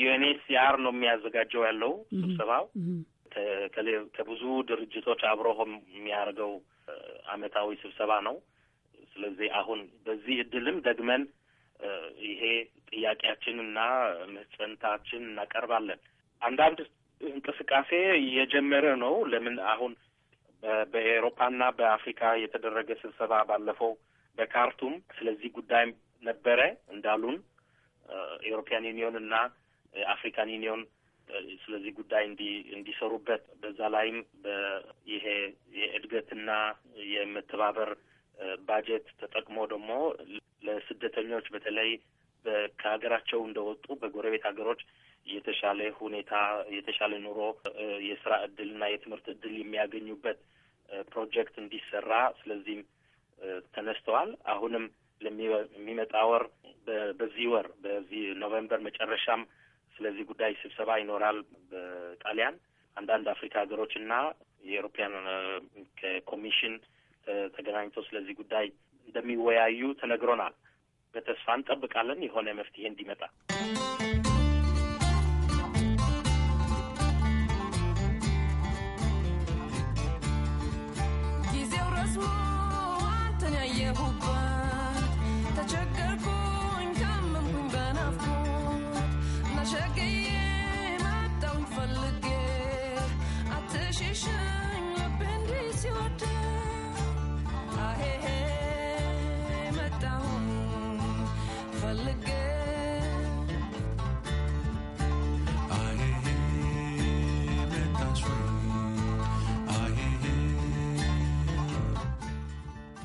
ዩኤንኤችሲአር ነው የሚያዘጋጀው ያለው ስብሰባው ከብዙ ድርጅቶች አብሮ የሚያደርገው አመታዊ ስብሰባ ነው። ስለዚህ አሁን በዚህ እድልም ደግመን ይሄ ጥያቄያችንና ምህጸንታችን እናቀርባለን። አንዳንድ እንቅስቃሴ እየጀመረ ነው። ለምን አሁን በኤሮፓና በአፍሪካ የተደረገ ስብሰባ ባለፈው በካርቱም ስለዚህ ጉዳይ ነበረ እንዳሉን የኤሮፒያን ዩኒዮን እና የአፍሪካን ዩኒዮን ስለዚህ ጉዳይ እንዲ እንዲሰሩበት በዛ ላይም ይሄ የእድገትና የመተባበር ባጀት ተጠቅሞ ደግሞ ለስደተኞች በተለይ ከሀገራቸው እንደወጡ በጎረቤት ሀገሮች የተሻለ ሁኔታ፣ የተሻለ ኑሮ፣ የስራ እድልና የትምህርት እድል የሚያገኙበት ፕሮጀክት እንዲሰራ ስለዚህም ተነስተዋል። አሁንም ለሚመጣ ወር በዚህ ወር በዚህ ኖቬምበር መጨረሻም ስለዚህ ጉዳይ ስብሰባ ይኖራል በጣሊያን አንዳንድ አፍሪካ ሀገሮች እና የኤሮፓያን ኮሚሽን ተገናኝቶ ስለዚህ ጉዳይ እንደሚወያዩ ተነግሮናል። በተስፋ እንጠብቃለን የሆነ መፍትሄ እንዲመጣ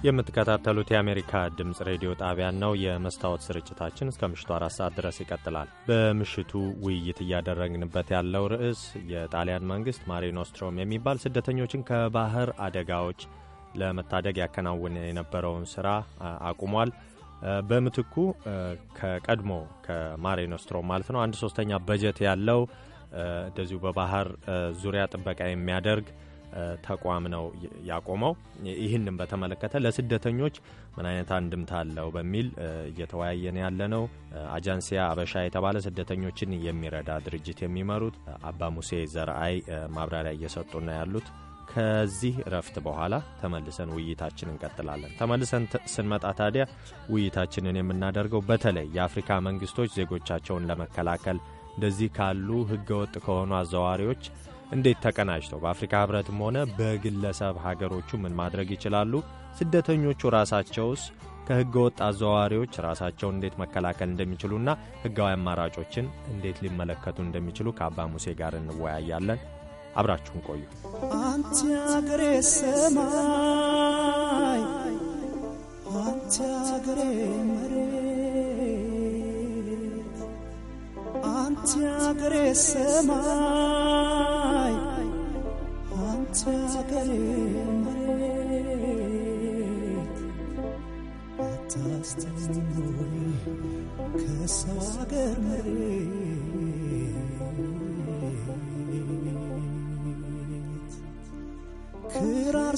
የምትከታተሉት የአሜሪካ ድምፅ ሬዲዮ ጣቢያን ነው። የመስታወት ስርጭታችን እስከ ምሽቱ አራት ሰዓት ድረስ ይቀጥላል። በምሽቱ ውይይት እያደረግንበት ያለው ርዕስ የጣሊያን መንግስት ማሪኖስትሮም የሚባል ስደተኞችን ከባህር አደጋዎች ለመታደግ ያከናውን የነበረውን ስራ አቁሟል። በምትኩ ከቀድሞ ከማሪኖስትሮም ማለት ነው አንድ ሶስተኛ በጀት ያለው እንደዚሁ በባህር ዙሪያ ጥበቃ የሚያደርግ ተቋም ነው ያቆመው። ይህንም በተመለከተ ለስደተኞች ምን አይነት አንድምታ አለው በሚል እየተወያየን ያለ ነው። አጃንሲያ አበሻ የተባለ ስደተኞችን የሚረዳ ድርጅት የሚመሩት አባ ሙሴ ዘርአይ ማብራሪያ እየሰጡና ያሉት። ከዚህ እረፍት በኋላ ተመልሰን ውይይታችን እንቀጥላለን። ተመልሰን ስንመጣ ታዲያ ውይይታችንን የምናደርገው በተለይ የአፍሪካ መንግስቶች ዜጎቻቸውን ለመከላከል እንደዚህ ካሉ ህገወጥ ከሆኑ አዘዋዋሪዎች እንዴት ተቀናጅተው በአፍሪካ ህብረትም ሆነ በግለሰብ ሀገሮቹ ምን ማድረግ ይችላሉ? ስደተኞቹ ራሳቸውስ ከህገ ወጥ አዘዋዋሪዎች ራሳቸውን እንዴት መከላከል እንደሚችሉና ህጋዊ አማራጮችን እንዴት ሊመለከቱ እንደሚችሉ ከአባ ሙሴ ጋር እንወያያለን። አብራችሁን ቆዩ። አንቺ አገሬ ሰማይ፣ አንቺ አገሬ መሬት፣ አንቺ አገሬ ሰማይ ክራር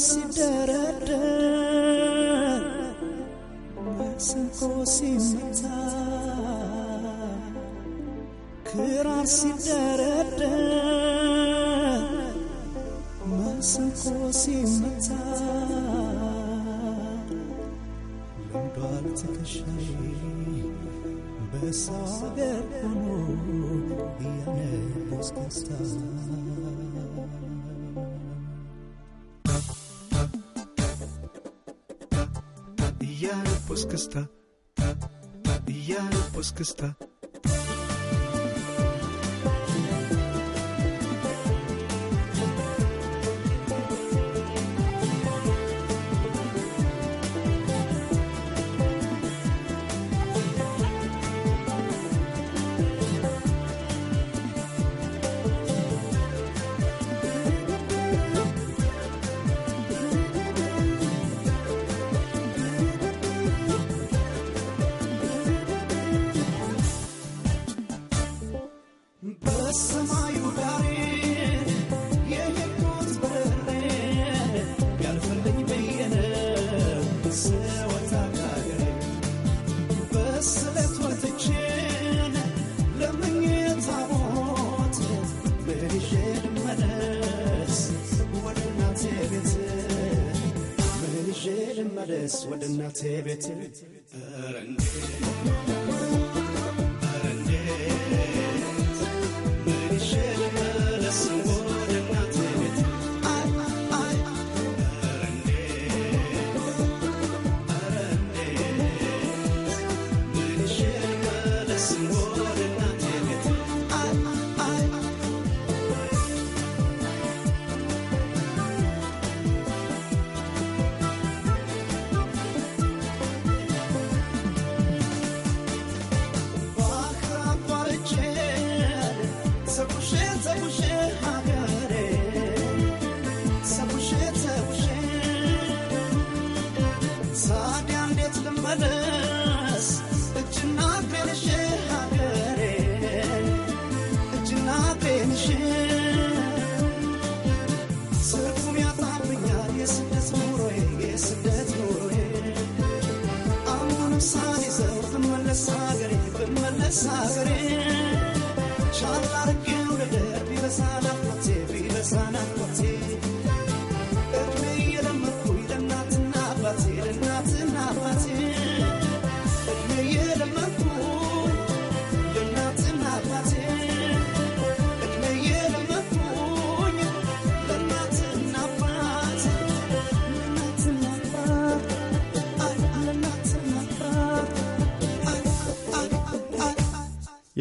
ሲደረደር ስንቆ ሲመታ ክራር ሲደረደር ስንቆ ሲመታ ሆኖ ከስታ እያነቦስ ከስታ እያነቦስ ከስታ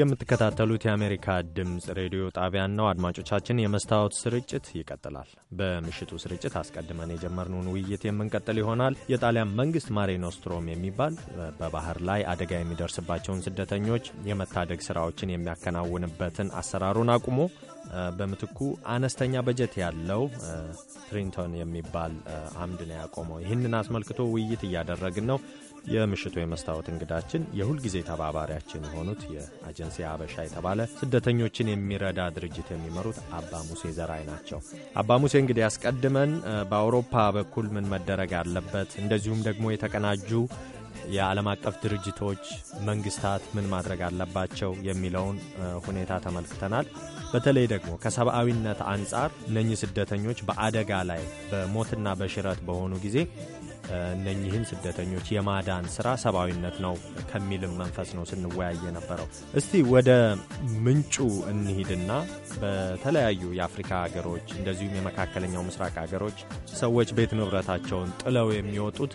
የምትከታተሉት የአሜሪካ ድምፅ ሬዲዮ ጣቢያን ነው። አድማጮቻችን፣ የመስታወት ስርጭት ይቀጥላል። በምሽቱ ስርጭት አስቀድመን የጀመርነውን ውይይት የምንቀጥል ይሆናል። የጣሊያን መንግስት ማሬኖስትሮም የሚባል በባህር ላይ አደጋ የሚደርስባቸውን ስደተኞች የመታደግ ስራዎችን የሚያከናውንበትን አሰራሩን አቁሞ በምትኩ አነስተኛ በጀት ያለው ትሪንቶን የሚባል አምድ ነው ያቆመው። ይህንን አስመልክቶ ውይይት እያደረግን ነው። የምሽቱ የመስታወት እንግዳችን የሁልጊዜ ተባባሪያችን የሆኑት የአጀንሲ አበሻ የተባለ ስደተኞችን የሚረዳ ድርጅት የሚመሩት አባ ሙሴ ዘራይ ናቸው። አባ ሙሴ እንግዲህ አስቀድመን በአውሮፓ በኩል ምን መደረግ አለበት፣ እንደዚሁም ደግሞ የተቀናጁ የዓለም አቀፍ ድርጅቶች፣ መንግስታት ምን ማድረግ አለባቸው የሚለውን ሁኔታ ተመልክተናል። በተለይ ደግሞ ከሰብአዊነት አንጻር እነኚህ ስደተኞች በአደጋ ላይ በሞትና በሽረት በሆኑ ጊዜ እነኚህን ስደተኞች የማዳን ስራ ሰብአዊነት ነው ከሚልም መንፈስ ነው ስንወያየ የነበረው። እስቲ ወደ ምንጩ እንሂድና በተለያዩ የአፍሪካ ሀገሮች እንደዚሁም የመካከለኛው ምስራቅ ሀገሮች ሰዎች ቤት ንብረታቸውን ጥለው የሚወጡት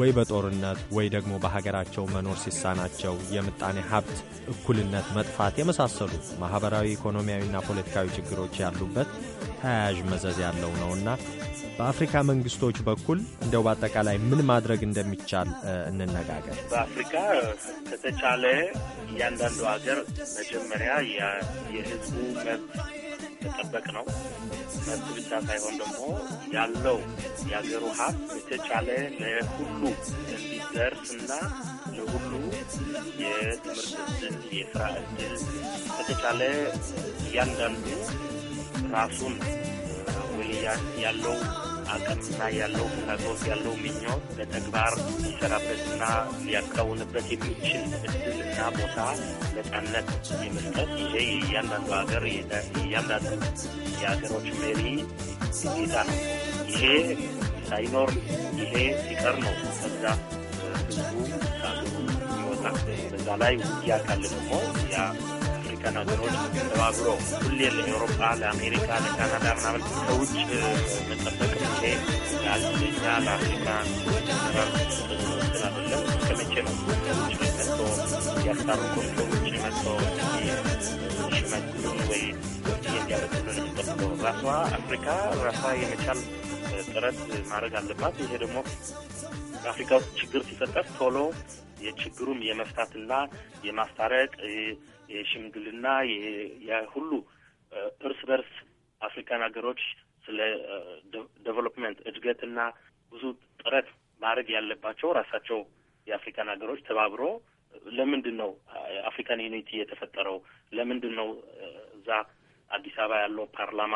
ወይ በጦርነት ወይ ደግሞ በሀገራቸው መኖር ሲሳናቸው የምጣኔ ሀብት እኩልነት መጥፋት የመሳሰሉ ማኅበራዊ ኢኮኖሚያዊና ፖለቲካዊ ችግሮች ያሉበት ተያያዥ መዘዝ ያለው ነውና በአፍሪካ መንግስቶች በኩል እንደው በአጠቃላይ ምን ማድረግ እንደሚቻል እንነጋገር። በአፍሪካ ከተቻለ እያንዳንዱ ሀገር መጀመሪያ የህዝቡ መብት መጠበቅ ነው። መብት ብቻ ሳይሆን ደግሞ ያለው የሀገሩ ሀብት የተቻለ ለሁሉ እንዲደርስ እና ለሁሉ የትምህርት እድል፣ የስራ እድል ከተቻለ እያንዳንዱ ራሱን ያለው አቅምና ያለው ፍላጎት ያለው ምኞት በተግባር ሊሰራበትና ሊያከውንበት የሚችል እድልና ቦታ ነጻነት የመስጠት ይሄ እያንዳንዱ ሀገር እያንዳንዱ የሀገሮች መሪ ግዴታ ነው። ይሄ ሳይኖር ይሄ ሲቀር ነው ከዛ ህዝቡ ሳሉ ይወጣ። በዛ ላይ ውጊያ ካለ ደግሞ ያ አፍሪካን ተባብሮ ሁሌ ለአውሮፓ፣ ለአሜሪካ፣ ለካናዳ ምናምን ከውጭ መጠበቅ ይሄ ለአልኛ ለአፍሪካ ስላደለም ከመቼ ነው ውጭ መጥቶ ያስታርቁ ውጭ መጥቶ ሽመግሉን ወይ እንዲያበጥሉን የሚጠብቀው ራሷ አፍሪካ ራሷ የመቻል ጥረት ማድረግ አለባት። ይሄ ደግሞ አፍሪካ ውስጥ ችግር ሲፈጠር ቶሎ የችግሩም የመፍታትና የማስታረቅ የሽምግልና ሁሉ እርስ በርስ አፍሪካን ሀገሮች ስለ ዴቨሎፕመንት እድገትና ብዙ ጥረት ማድረግ ያለባቸው ራሳቸው የአፍሪካን ሀገሮች ተባብሮ ለምንድን ነው አፍሪካን ዩኒቲ የተፈጠረው? ለምንድን ነው እዛ አዲስ አበባ ያለው ፓርላማ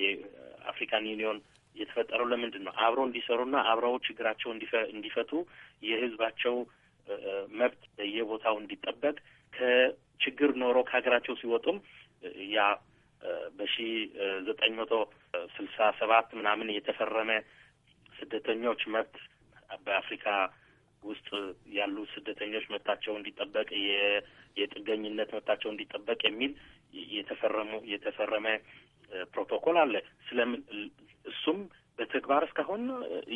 የአፍሪካን ዩኒዮን የተፈጠረው? ለምንድን ነው አብረው እንዲሰሩና አብረው ችግራቸው እንዲፈቱ የህዝባቸው መብት በየቦታው እንዲጠበቅ ከችግር ኖሮ ከሀገራቸው ሲወጡም ያ በሺ ዘጠኝ መቶ ስልሳ ሰባት ምናምን የተፈረመ ስደተኞች መብት በአፍሪካ ውስጥ ያሉ ስደተኞች መብታቸው እንዲጠበቅ የጥገኝነት መብታቸው እንዲጠበቅ የሚል የተፈረሙ የተፈረመ ፕሮቶኮል አለ። ስለምን እሱም በተግባር እስካሁን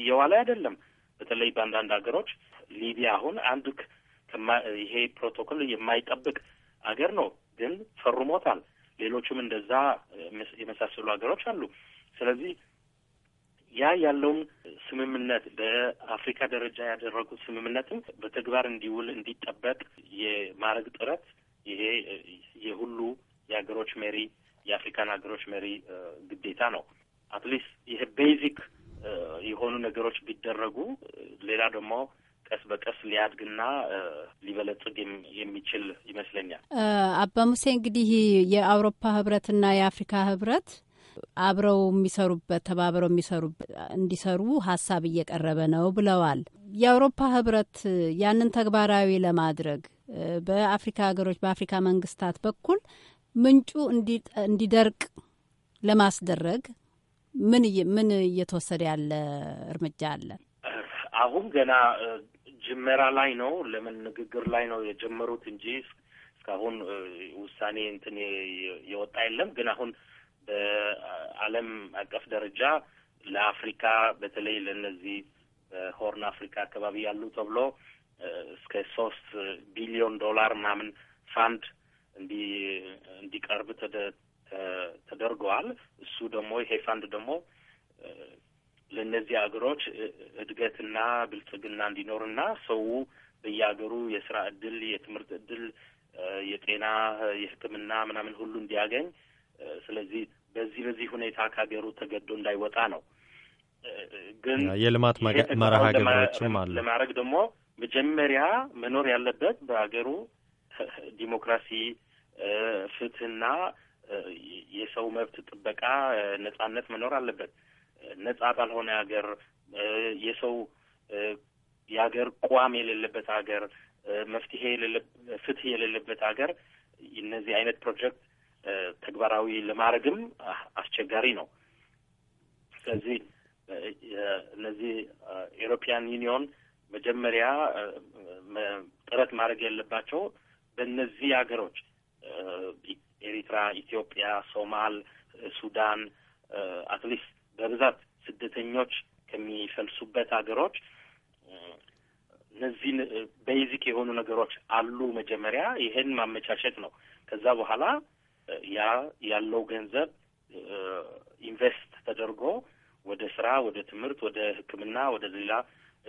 እየዋለ አይደለም። በተለይ በአንዳንድ ሀገሮች ሊቢያ አሁን አንዱ ይሄ ፕሮቶኮል የማይጠብቅ አገር ነው፣ ግን ፈርሞታል። ሌሎቹም እንደዛ የመሳሰሉ ሀገሮች አሉ። ስለዚህ ያ ያለውን ስምምነት በአፍሪካ ደረጃ ያደረጉት ስምምነትም በተግባር እንዲውል እንዲጠበቅ የማድረግ ጥረት ይሄ የሁሉ የሀገሮች መሪ የአፍሪካን ሀገሮች መሪ ግዴታ ነው። አትሊስት ይሄ ቤዚክ የሆኑ ነገሮች ቢደረጉ ሌላ ደግሞ ቀስ በቀስ ሊያድግና ሊበለጽግ የሚችል ይመስለኛል። አባ ሙሴ እንግዲህ የአውሮፓ ህብረትና የአፍሪካ ህብረት አብረው የሚሰሩበት ተባብረው የሚሰሩበት እንዲሰሩ ሀሳብ እየቀረበ ነው ብለዋል። የአውሮፓ ህብረት ያንን ተግባራዊ ለማድረግ በአፍሪካ ሀገሮች በአፍሪካ መንግስታት በኩል ምንጩ እንዲደርቅ ለማስደረግ ምን ምን እየተወሰደ ያለ እርምጃ አለ? አሁን ገና ጅመራ ላይ ነው። ለምን ንግግር ላይ ነው የጀመሩት እንጂ እስካሁን ውሳኔ እንትን የወጣ የለም። ግን አሁን በዓለም አቀፍ ደረጃ ለአፍሪካ በተለይ ለእነዚህ ሆርን አፍሪካ አካባቢ ያሉ ተብሎ እስከ ሶስት ቢሊዮን ዶላር ምናምን ፋንድ እንዲ እንዲቀርብ ተደርገዋል። እሱ ደግሞ ይሄ ፋንድ ደግሞ ለእነዚህ ሀገሮች እድገትና ብልጽግና እንዲኖርና ሰው በየሀገሩ የስራ እድል፣ የትምህርት እድል፣ የጤና፣ የሕክምና ምናምን ሁሉ እንዲያገኝ ስለዚህ በዚህ በዚህ ሁኔታ ከሀገሩ ተገዶ እንዳይወጣ ነው። ግን የልማት መርሃ ግብሮችም አለ ለማድረግ ደግሞ መጀመሪያ መኖር ያለበት በሀገሩ ዲሞክራሲ፣ ፍትህና የሰው መብት ጥበቃ ነጻነት መኖር አለበት። ነጻ ባልሆነ ሀገር የሰው የሀገር ቋም የሌለበት ሀገር መፍትሄ ፍትህ የሌለበት ሀገር እነዚህ አይነት ፕሮጀክት ተግባራዊ ለማድረግም አስቸጋሪ ነው። ስለዚህ እነዚህ ኢሮፒያን ዩኒዮን መጀመሪያ ጥረት ማድረግ ያለባቸው በእነዚህ ሀገሮች ኤሪትራ፣ ኢትዮጵያ፣ ሶማል፣ ሱዳን አትሊስት በብዛት ስደተኞች ከሚፈልሱበት ሀገሮች እነዚህ ቤዚክ የሆኑ ነገሮች አሉ። መጀመሪያ ይሄን ማመቻቸት ነው። ከዛ በኋላ ያ ያለው ገንዘብ ኢንቨስት ተደርጎ ወደ ስራ፣ ወደ ትምህርት፣ ወደ ሕክምና፣ ወደ ሌላ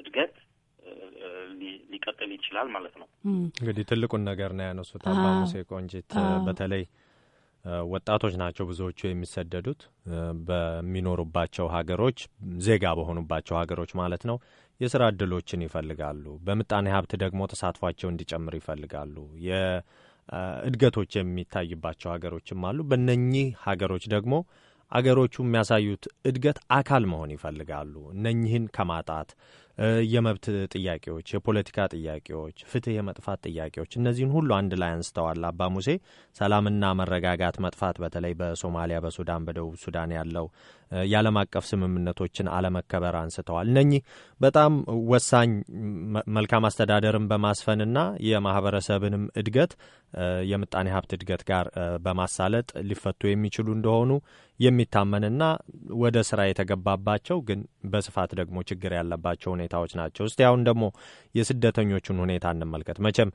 እድገት ሊቀጥል ይችላል ማለት ነው። እንግዲህ ትልቁን ነገር ነው ያነሱት አባ ሙሴ ቆንጂት በተለይ ወጣቶች ናቸው ብዙዎቹ የሚሰደዱት በሚኖሩባቸው ሀገሮች ዜጋ በሆኑባቸው ሀገሮች ማለት ነው። የስራ እድሎችን ይፈልጋሉ። በምጣኔ ሀብት ደግሞ ተሳትፏቸው እንዲጨምር ይፈልጋሉ። የእድገቶች የሚታይባቸው ሀገሮችም አሉ። በነኚህ ሀገሮች ደግሞ አገሮቹ የሚያሳዩት እድገት አካል መሆን ይፈልጋሉ። እነኚህን ከማጣት የመብት ጥያቄዎች፣ የፖለቲካ ጥያቄዎች፣ ፍትህ የመጥፋት ጥያቄዎች እነዚህን ሁሉ አንድ ላይ አንስተዋል አባ ሙሴ። ሰላምና መረጋጋት መጥፋት በተለይ በሶማሊያ፣ በሱዳን፣ በደቡብ ሱዳን ያለው የዓለም አቀፍ ስምምነቶችን አለመከበር አንስተዋል። እነኚህ በጣም ወሳኝ መልካም አስተዳደርን በማስፈንና የማህበረሰብንም እድገት የምጣኔ ሀብት እድገት ጋር በማሳለጥ ሊፈቱ የሚችሉ እንደሆኑ የሚታመንና ወደ ስራ የተገባባቸው ግን በስፋት ደግሞ ችግር ያለባቸው ሁኔታዎች ናቸው። እስቲ አሁን ደግሞ የስደተኞቹን ሁኔታ እንመልከት። መቼም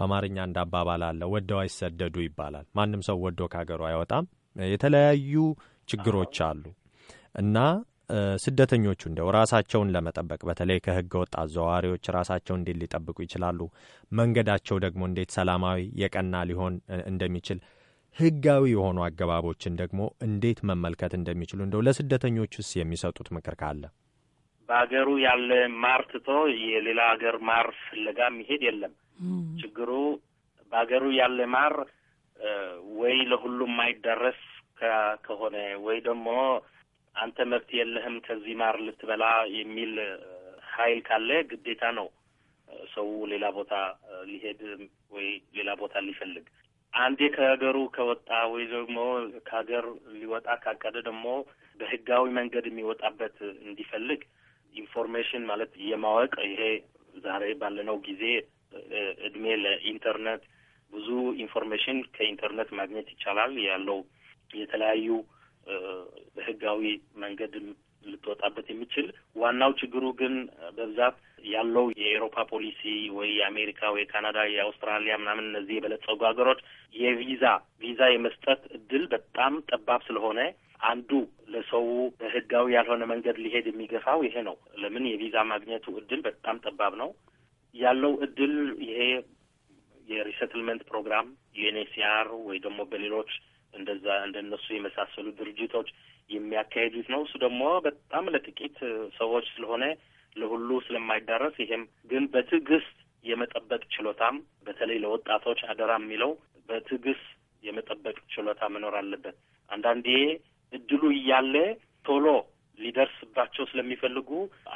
በአማርኛ እንደ አባባል አለ ወደው አይሰደዱ ይባላል። ማንም ሰው ወዶ ከሀገሩ አይወጣም። የተለያዩ ችግሮች አሉ። እና ስደተኞቹ እንደው ራሳቸውን ለመጠበቅ በተለይ ከህገ ወጥ አዘዋዋሪዎች ራሳቸውን እንዴት ሊጠብቁ ይችላሉ? መንገዳቸው ደግሞ እንዴት ሰላማዊ የቀና ሊሆን እንደሚችል ህጋዊ የሆኑ አገባቦችን ደግሞ እንዴት መመልከት እንደሚችሉ እንደው ለስደተኞቹስ የሚሰጡት ምክር ካለ? በሀገሩ ያለ ማር ትቶ የሌላ ሀገር ማር ፍለጋ የሚሄድ የለም። ችግሩ በሀገሩ ያለ ማር ወይ ለሁሉም ማይደረስ ከሆነ ወይ ደግሞ አንተ መብት የለህም ከዚህ ማር ልትበላ የሚል ኃይል ካለ ግዴታ ነው ሰው ሌላ ቦታ ሊሄድ ወይ ሌላ ቦታ ሊፈልግ። አንዴ ከሀገሩ ከወጣ ወይ ደግሞ ከሀገር ሊወጣ ካቀደ ደግሞ በህጋዊ መንገድ የሚወጣበት እንዲፈልግ ኢንፎርሜሽን ማለት የማወቅ ይሄ ዛሬ ባለነው ጊዜ እድሜ ለኢንተርኔት ብዙ ኢንፎርሜሽን ከኢንተርኔት ማግኘት ይቻላል። ያለው የተለያዩ በህጋዊ መንገድም ልትወጣበት የሚችል ዋናው ችግሩ ግን በብዛት ያለው የኤሮፓ ፖሊሲ ወይ የአሜሪካ ወይ የካናዳ የአውስትራሊያ ምናምን እነዚህ የበለጸጉ ሀገሮች የቪዛ ቪዛ የመስጠት እድል በጣም ጠባብ ስለሆነ አንዱ ለሰው በህጋዊ ያልሆነ መንገድ ሊሄድ የሚገፋው ይሄ ነው። ለምን የቪዛ ማግኘቱ እድል በጣም ጠባብ ነው ያለው እድል ይሄ የሪሰትልመንት ፕሮግራም ዩኤንኤችሲአር ወይ ደግሞ በሌሎች እንደዛ እንደነሱ የመሳሰሉ ድርጅቶች የሚያካሂዱት ነው። እሱ ደግሞ በጣም ለጥቂት ሰዎች ስለሆነ ለሁሉ ስለማይዳረስ ይሄም ግን በትዕግስት የመጠበቅ ችሎታም በተለይ ለወጣቶች አደራ የሚለው በትዕግስት የመጠበቅ ችሎታ መኖር አለበት። አንዳንዴ እድሉ እያለ ቶሎ ሊደርስባቸው ስለሚፈልጉ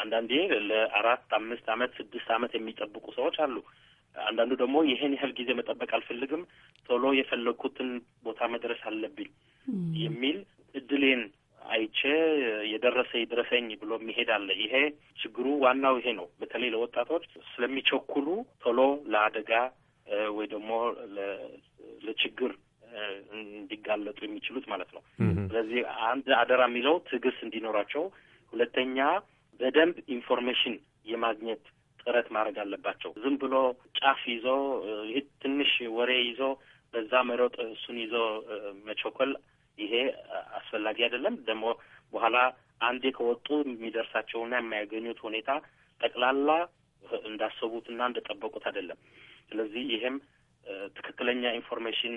አንዳንዴ ለአራት አምስት ዓመት ስድስት ዓመት የሚጠብቁ ሰዎች አሉ። አንዳንዱ ደግሞ ይሄን ያህል ጊዜ መጠበቅ አልፈልግም፣ ቶሎ የፈለግኩትን ቦታ መድረስ አለብኝ የሚል እድሌን አይቼ የደረሰ ይድረሰኝ ብሎ የሚሄድ አለ። ይሄ ችግሩ ዋናው ይሄ ነው። በተለይ ለወጣቶች ስለሚቸኩሉ ቶሎ ለአደጋ ወይ ደግሞ ለችግር እንዲጋለጡ የሚችሉት ማለት ነው። ስለዚህ አንድ አደራ የሚለው ትዕግስት እንዲኖራቸው፣ ሁለተኛ በደንብ ኢንፎርሜሽን የማግኘት ጥረት ማድረግ አለባቸው። ዝም ብሎ ጫፍ ይዞ ይህ ትንሽ ወሬ ይዞ በዛ መሮጥ እሱን ይዞ መቸኮል ይሄ አስፈላጊ አይደለም። ደግሞ በኋላ አንዴ ከወጡ የሚደርሳቸውና የማያገኙት ሁኔታ ጠቅላላ እንዳሰቡትና እንደጠበቁት አይደለም። ስለዚህ ይሄም ትክክለኛ ኢንፎርሜሽን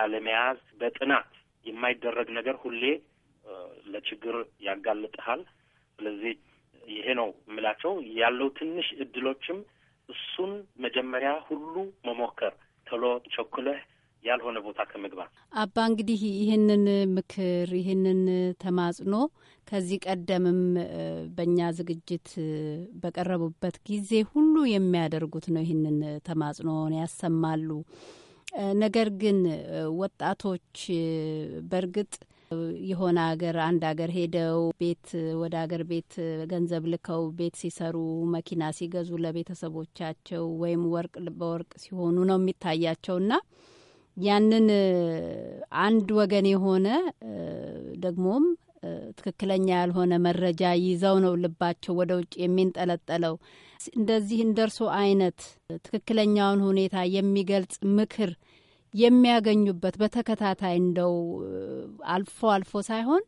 አለመያዝ፣ በጥናት የማይደረግ ነገር ሁሌ ለችግር ያጋልጥሃል። ስለዚህ ይሄ ነው የምላቸው ያለው ትንሽ እድሎችም እሱን መጀመሪያ ሁሉ መሞከር ቶሎ ቸኩለህ ያልሆነ ቦታ ከመግባት አባ እንግዲህ ይህንን ምክር ይህንን ተማጽኖ ከዚህ ቀደምም በእኛ ዝግጅት በቀረቡበት ጊዜ ሁሉ የሚያደርጉት ነው። ይህንን ተማጽኖን ያሰማሉ። ነገር ግን ወጣቶች በእርግጥ የሆነ ሀገር አንድ ሀገር ሄደው ቤት ወደ ሀገር ቤት ገንዘብ ልከው ቤት ሲሰሩ፣ መኪና ሲገዙ ለቤተሰቦቻቸው ወይም ወርቅ በወርቅ ሲሆኑ ነው የሚታያቸው ና ያንን አንድ ወገን የሆነ ደግሞም ትክክለኛ ያልሆነ መረጃ ይዘው ነው ልባቸው ወደ ውጭ የሚንጠለጠለው። እንደዚህ እንደርሶ አይነት ትክክለኛውን ሁኔታ የሚገልጽ ምክር የሚያገኙበት በተከታታይ እንደው አልፎ አልፎ ሳይሆን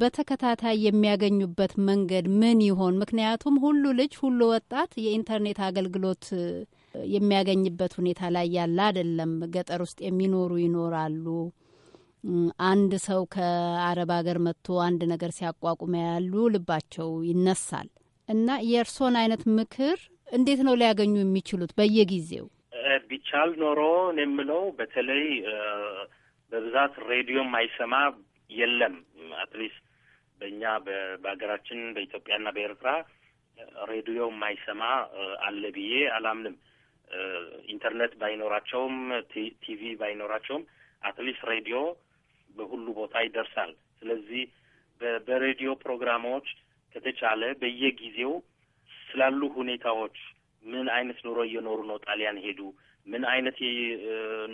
በተከታታይ የሚያገኙበት መንገድ ምን ይሆን? ምክንያቱም ሁሉ ልጅ ሁሉ ወጣት የኢንተርኔት አገልግሎት የሚያገኝበት ሁኔታ ላይ ያለ አይደለም። ገጠር ውስጥ የሚኖሩ ይኖራሉ። አንድ ሰው ከአረብ ሀገር መጥቶ አንድ ነገር ሲያቋቁመ ያሉ ልባቸው ይነሳል እና የእርሶን አይነት ምክር እንዴት ነው ሊያገኙ የሚችሉት በየጊዜው? ቢቻል ኖሮ የምለው በተለይ በብዛት ሬዲዮ ማይሰማ የለም። አትሊስት በእኛ በሀገራችን በኢትዮጵያና በኤርትራ ሬዲዮ ማይሰማ አለ ብዬ አላምንም። ኢንተርኔት ባይኖራቸውም ቲቪ ባይኖራቸውም አትሊስት ሬዲዮ በሁሉ ቦታ ይደርሳል። ስለዚህ በሬዲዮ ፕሮግራሞች ከተቻለ በየጊዜው ስላሉ ሁኔታዎች ምን አይነት ኑሮ እየኖሩ ነው ጣሊያን ሄዱ፣ ምን አይነት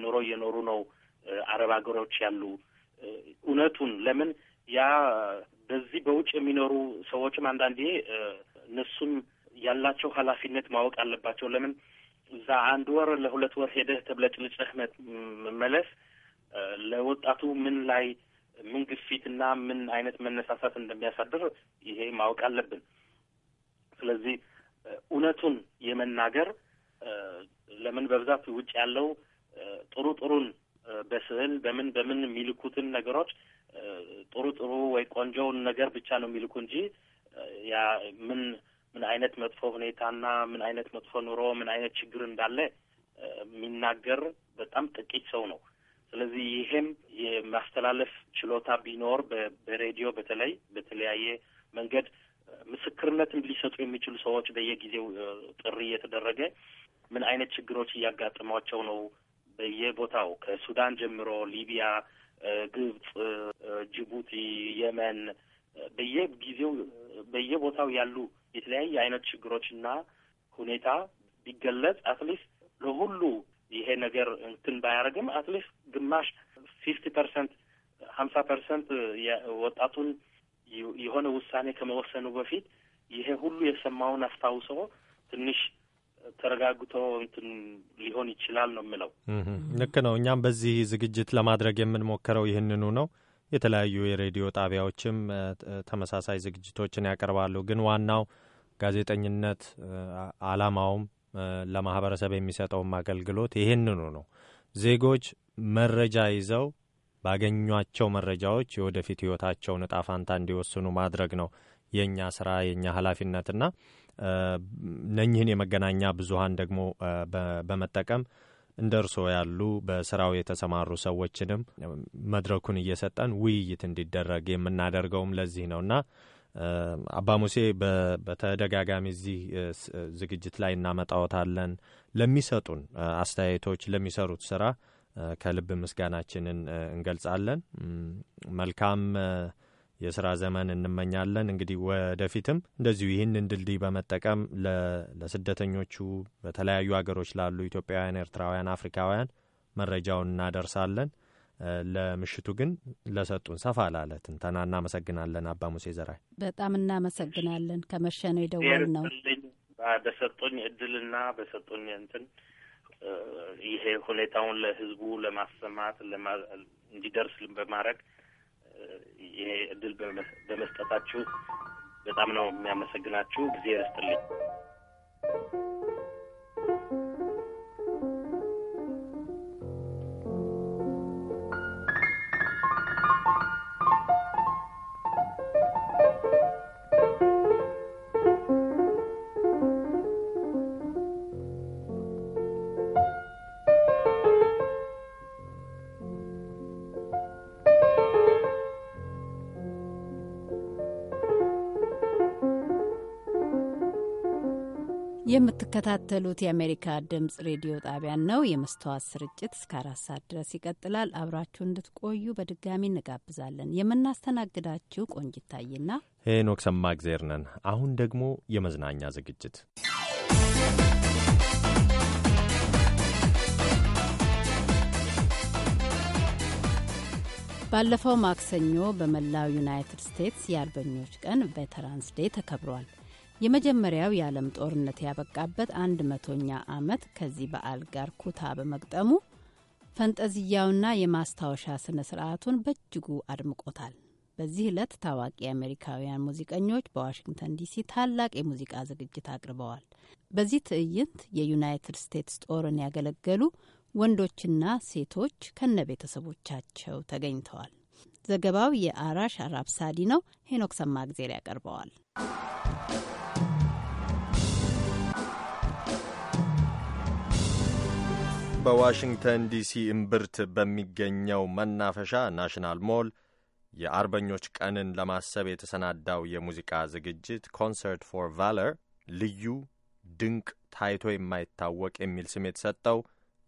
ኑሮ እየኖሩ ነው አረብ ሀገሮች ያሉ እውነቱን ለምን ያ በዚህ በውጭ የሚኖሩ ሰዎችም አንዳንዴ እነሱም ያላቸው ኃላፊነት ማወቅ አለባቸው። ለምን እዛ አንድ ወር ለሁለት ወር ሄደህ ተብለጭልጭህ መመለስ ለወጣቱ ምን ላይ ምን ግፊትና ምን አይነት መነሳሳት እንደሚያሳድር ይሄ ማወቅ አለብን። ስለዚህ እውነቱን የመናገር ለምን በብዛት ውጭ ያለው ጥሩ ጥሩን በስዕል በምን በምን የሚልኩትን ነገሮች ጥሩ ጥሩ ወይ ቆንጆውን ነገር ብቻ ነው የሚልኩ እንጂ ያ ምን ምን አይነት መጥፎ ሁኔታና ምን አይነት መጥፎ ኑሮ ምን አይነት ችግር እንዳለ የሚናገር በጣም ጥቂት ሰው ነው። ስለዚህ ይሄም የማስተላለፍ ችሎታ ቢኖር በሬዲዮ በተለይ በተለያየ መንገድ ምስክርነትን ሊሰጡ የሚችሉ ሰዎች በየጊዜው ጥሪ እየተደረገ ምን አይነት ችግሮች እያጋጠሟቸው ነው በየቦታው ከሱዳን ጀምሮ ሊቢያ፣ ግብጽ፣ ጅቡቲ፣ የመን በየጊዜው በየቦታው ያሉ የተለያየ አይነት ችግሮችና ሁኔታ ቢገለጽ አትሊስት ለሁሉ ይሄ ነገር እንትን ባያደርግም አትሊስት ግማሽ ፊፍቲ ፐርሰንት ሀምሳ ፐርሰንት ወጣቱን የሆነ ውሳኔ ከመወሰኑ በፊት ይሄ ሁሉ የሰማውን አስታውሶ ትንሽ ተረጋግቶ እንትን ሊሆን ይችላል ነው የምለው። ልክ ነው። እኛም በዚህ ዝግጅት ለማድረግ የምንሞክረው ይህንኑ ነው። የተለያዩ የሬዲዮ ጣቢያዎችም ተመሳሳይ ዝግጅቶችን ያቀርባሉ። ግን ዋናው ጋዜጠኝነት አላማውም ለማህበረሰብ የሚሰጠውም አገልግሎት ይህንኑ ነው። ዜጎች መረጃ ይዘው ባገኟቸው መረጃዎች የወደፊት ህይወታቸው እጣ ፋንታ እንዲወስኑ ማድረግ ነው የእኛ ስራ የእኛ ኃላፊነትና እነኚህን የመገናኛ ብዙሀን ደግሞ በመጠቀም እንደ እርስዎ ያሉ በስራው የተሰማሩ ሰዎችንም መድረኩን እየሰጠን ውይይት እንዲደረግ የምናደርገውም ለዚህ ነውና አባ ሙሴ በተደጋጋሚ እዚህ ዝግጅት ላይ እናመጣዎታለን። ለሚሰጡን አስተያየቶች፣ ለሚሰሩት ስራ ከልብ ምስጋናችንን እንገልጻለን። መልካም የስራ ዘመን እንመኛለን። እንግዲህ ወደፊትም እንደዚሁ ይህንን ድልድይ በመጠቀም ለስደተኞቹ በተለያዩ ሀገሮች ላሉ ኢትዮጵያውያን፣ ኤርትራውያን፣ አፍሪካውያን መረጃውን እናደርሳለን። ለምሽቱ ግን ለሰጡን ሰፋ ላለ ትንተና እናመሰግናለን። አባ ሙሴ ዘራይ በጣም እናመሰግናለን። ከመሸ ነው የደወል ነው በሰጡኝ እድልና በሰጡኝ እንትን ይሄ ሁኔታውን ለህዝቡ ለማሰማት እንዲደርስ በማድረግ ይሄ እድል በመስጠታችሁ በጣም ነው የሚያመሰግናችሁ። ጊዜ ያስጥልኝ። የምትከታተሉት የአሜሪካ ድምፅ ሬዲዮ ጣቢያን ነው። የመስተዋት ስርጭት እስከ አራት ሰዓት ድረስ ይቀጥላል። አብራችሁ እንድትቆዩ በድጋሚ እንጋብዛለን። የምናስተናግዳችሁ ቆንጂት ታይና ሄኖክ ሰማእግዜር ነን። አሁን ደግሞ የመዝናኛ ዝግጅት ባለፈው ማክሰኞ በመላው ዩናይትድ ስቴትስ የአርበኞች ቀን ቬተራንስ ዴይ ተከብሯል። የመጀመሪያው የዓለም ጦርነት ያበቃበት አንድ መቶኛ ዓመት ከዚህ በዓል ጋር ኩታ በመግጠሙ ፈንጠዝያውና የማስታወሻ ስነ ስርዓቱን በእጅጉ አድምቆታል። በዚህ ዕለት ታዋቂ አሜሪካውያን ሙዚቀኞች በዋሽንግተን ዲሲ ታላቅ የሙዚቃ ዝግጅት አቅርበዋል። በዚህ ትዕይንት የዩናይትድ ስቴትስ ጦርን ያገለገሉ ወንዶችና ሴቶች ከነ ቤተሰቦቻቸው ተገኝተዋል። ዘገባው የአራሽ አራብሳዲ ነው። ሄኖክ ሰማ ጊዜር ያቀርበዋል። በዋሽንግተን ዲሲ እምብርት በሚገኘው መናፈሻ ናሽናል ሞል የአርበኞች ቀንን ለማሰብ የተሰናዳው የሙዚቃ ዝግጅት ኮንሰርት ፎር ቫለር ልዩ ድንቅ፣ ታይቶ የማይታወቅ የሚል ስም የተሰጠው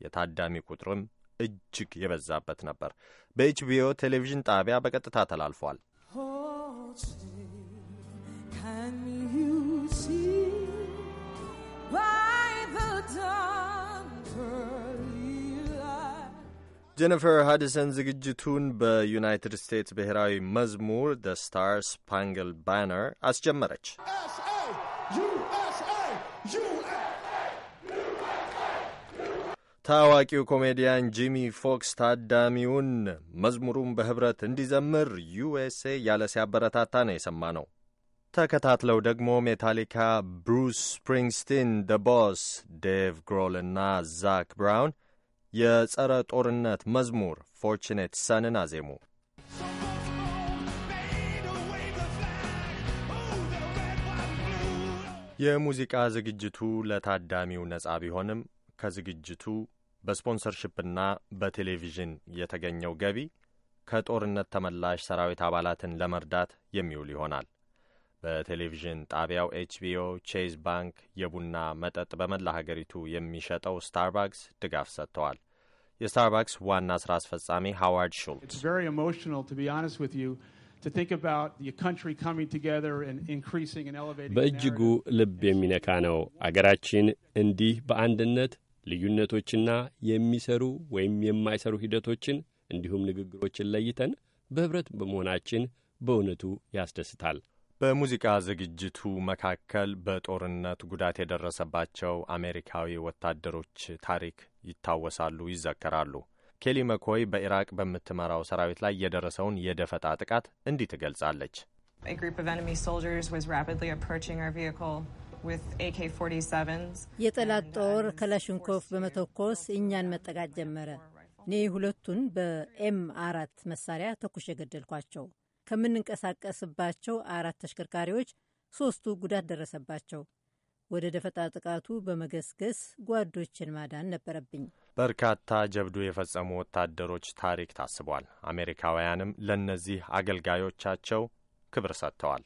የታዳሚ ቁጥርም እጅግ የበዛበት ነበር። በኤችቢኦ ቴሌቪዥን ጣቢያ በቀጥታ ተላልፏል። Can you see by the ጀነፈር ሃዲሰን ዝግጅቱን በዩናይትድ ስቴትስ ብሔራዊ መዝሙር ደ ስታር ስፓንግል ባነር አስጀመረች። ታዋቂው ኮሜዲያን ጂሚ ፎክስ ታዳሚውን መዝሙሩን በኅብረት እንዲዘምር ዩኤስኤ ያለ ሲያበረታታ ነው የሰማ ነው። ተከታትለው ደግሞ ሜታሊካ፣ ብሩስ ስፕሪንግስቲን፣ ደ ቦስ፣ ዴቭ ግሮል እና ዛክ ብራውን የጸረ ጦርነት መዝሙር ፎርችኔት ሰንን አዜሙ። የሙዚቃ ዝግጅቱ ለታዳሚው ነጻ ቢሆንም ከዝግጅቱ በስፖንሰርሽፕና በቴሌቪዥን የተገኘው ገቢ ከጦርነት ተመላሽ ሰራዊት አባላትን ለመርዳት የሚውል ይሆናል። በቴሌቪዥን ጣቢያው ኤችቢኦ ቼዝ ባንክ የቡና መጠጥ በመላ ሀገሪቱ የሚሸጠው ስታርባክስ ድጋፍ ሰጥተዋል። የስታርባክስ ዋና ስራ አስፈጻሚ ሃዋርድ ሹልት በእጅጉ ልብ የሚነካ ነው። አገራችን እንዲህ በአንድነት ልዩነቶችና የሚሰሩ ወይም የማይሰሩ ሂደቶችን እንዲሁም ንግግሮችን ለይተን በኅብረት በመሆናችን በእውነቱ ያስደስታል። በሙዚቃ ዝግጅቱ መካከል በጦርነት ጉዳት የደረሰባቸው አሜሪካዊ ወታደሮች ታሪክ ይታወሳሉ፣ ይዘከራሉ። ኬሊ መኮይ በኢራቅ በምትመራው ሰራዊት ላይ የደረሰውን የደፈጣ ጥቃት እንዲህ ትገልጻለች። የጠላት uh, ጦር ከላሽንኮፍ በመተኮስ እኛን መጠጋት ጀመረ። እኔ ሁለቱን በኤም አራት መሳሪያ ተኩሽ የገደልኳቸው። ከምንንቀሳቀስባቸው አራት ተሽከርካሪዎች ሶስቱ ጉዳት ደረሰባቸው። ወደ ደፈጣ ጥቃቱ በመገስገስ ጓዶችን ማዳን ነበረብኝ። በርካታ ጀብዱ የፈጸሙ ወታደሮች ታሪክ ታስቧል። አሜሪካውያንም ለእነዚህ አገልጋዮቻቸው ክብር ሰጥተዋል።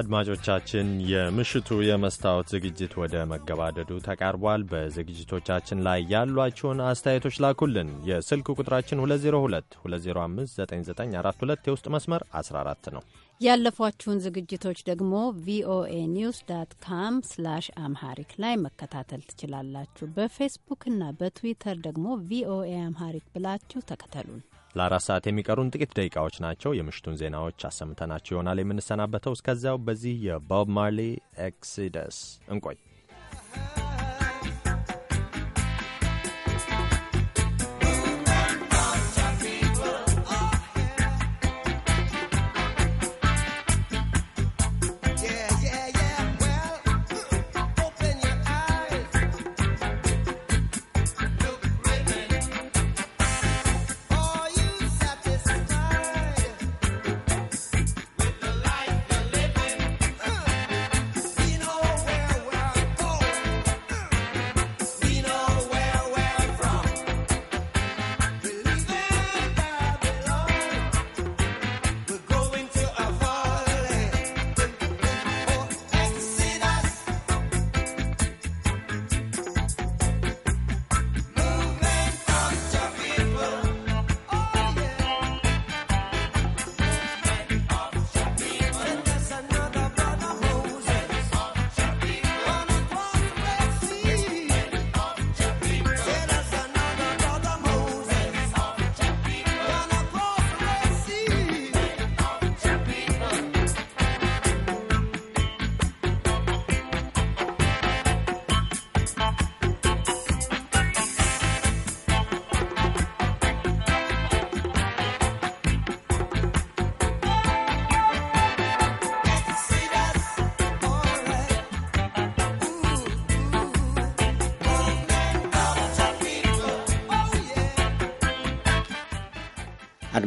አድማጮቻችን የምሽቱ የመስታወት ዝግጅት ወደ መገባደዱ ተቃርቧል። በዝግጅቶቻችን ላይ ያሏችሁን አስተያየቶች ላኩልን። የስልክ ቁጥራችን 2022059942 የውስጥ መስመር 14 ነው። ያለፏችሁን ዝግጅቶች ደግሞ ቪኦኤ ኒውስ ዳት ካም ስላሽ አምሃሪክ ላይ መከታተል ትችላላችሁ። በፌስቡክ በትዊተር ደግሞ ቪኦኤ አምሃሪክ ብላችሁ ተከተሉን። ለአራት ሰዓት የሚቀሩን ጥቂት ደቂቃዎች ናቸው። የምሽቱን ዜናዎች አሰምተናቸው ይሆናል የምንሰናበተው። እስከዚያው በዚህ የቦብ ማርሊ ኤክሲደስ እንቆይ።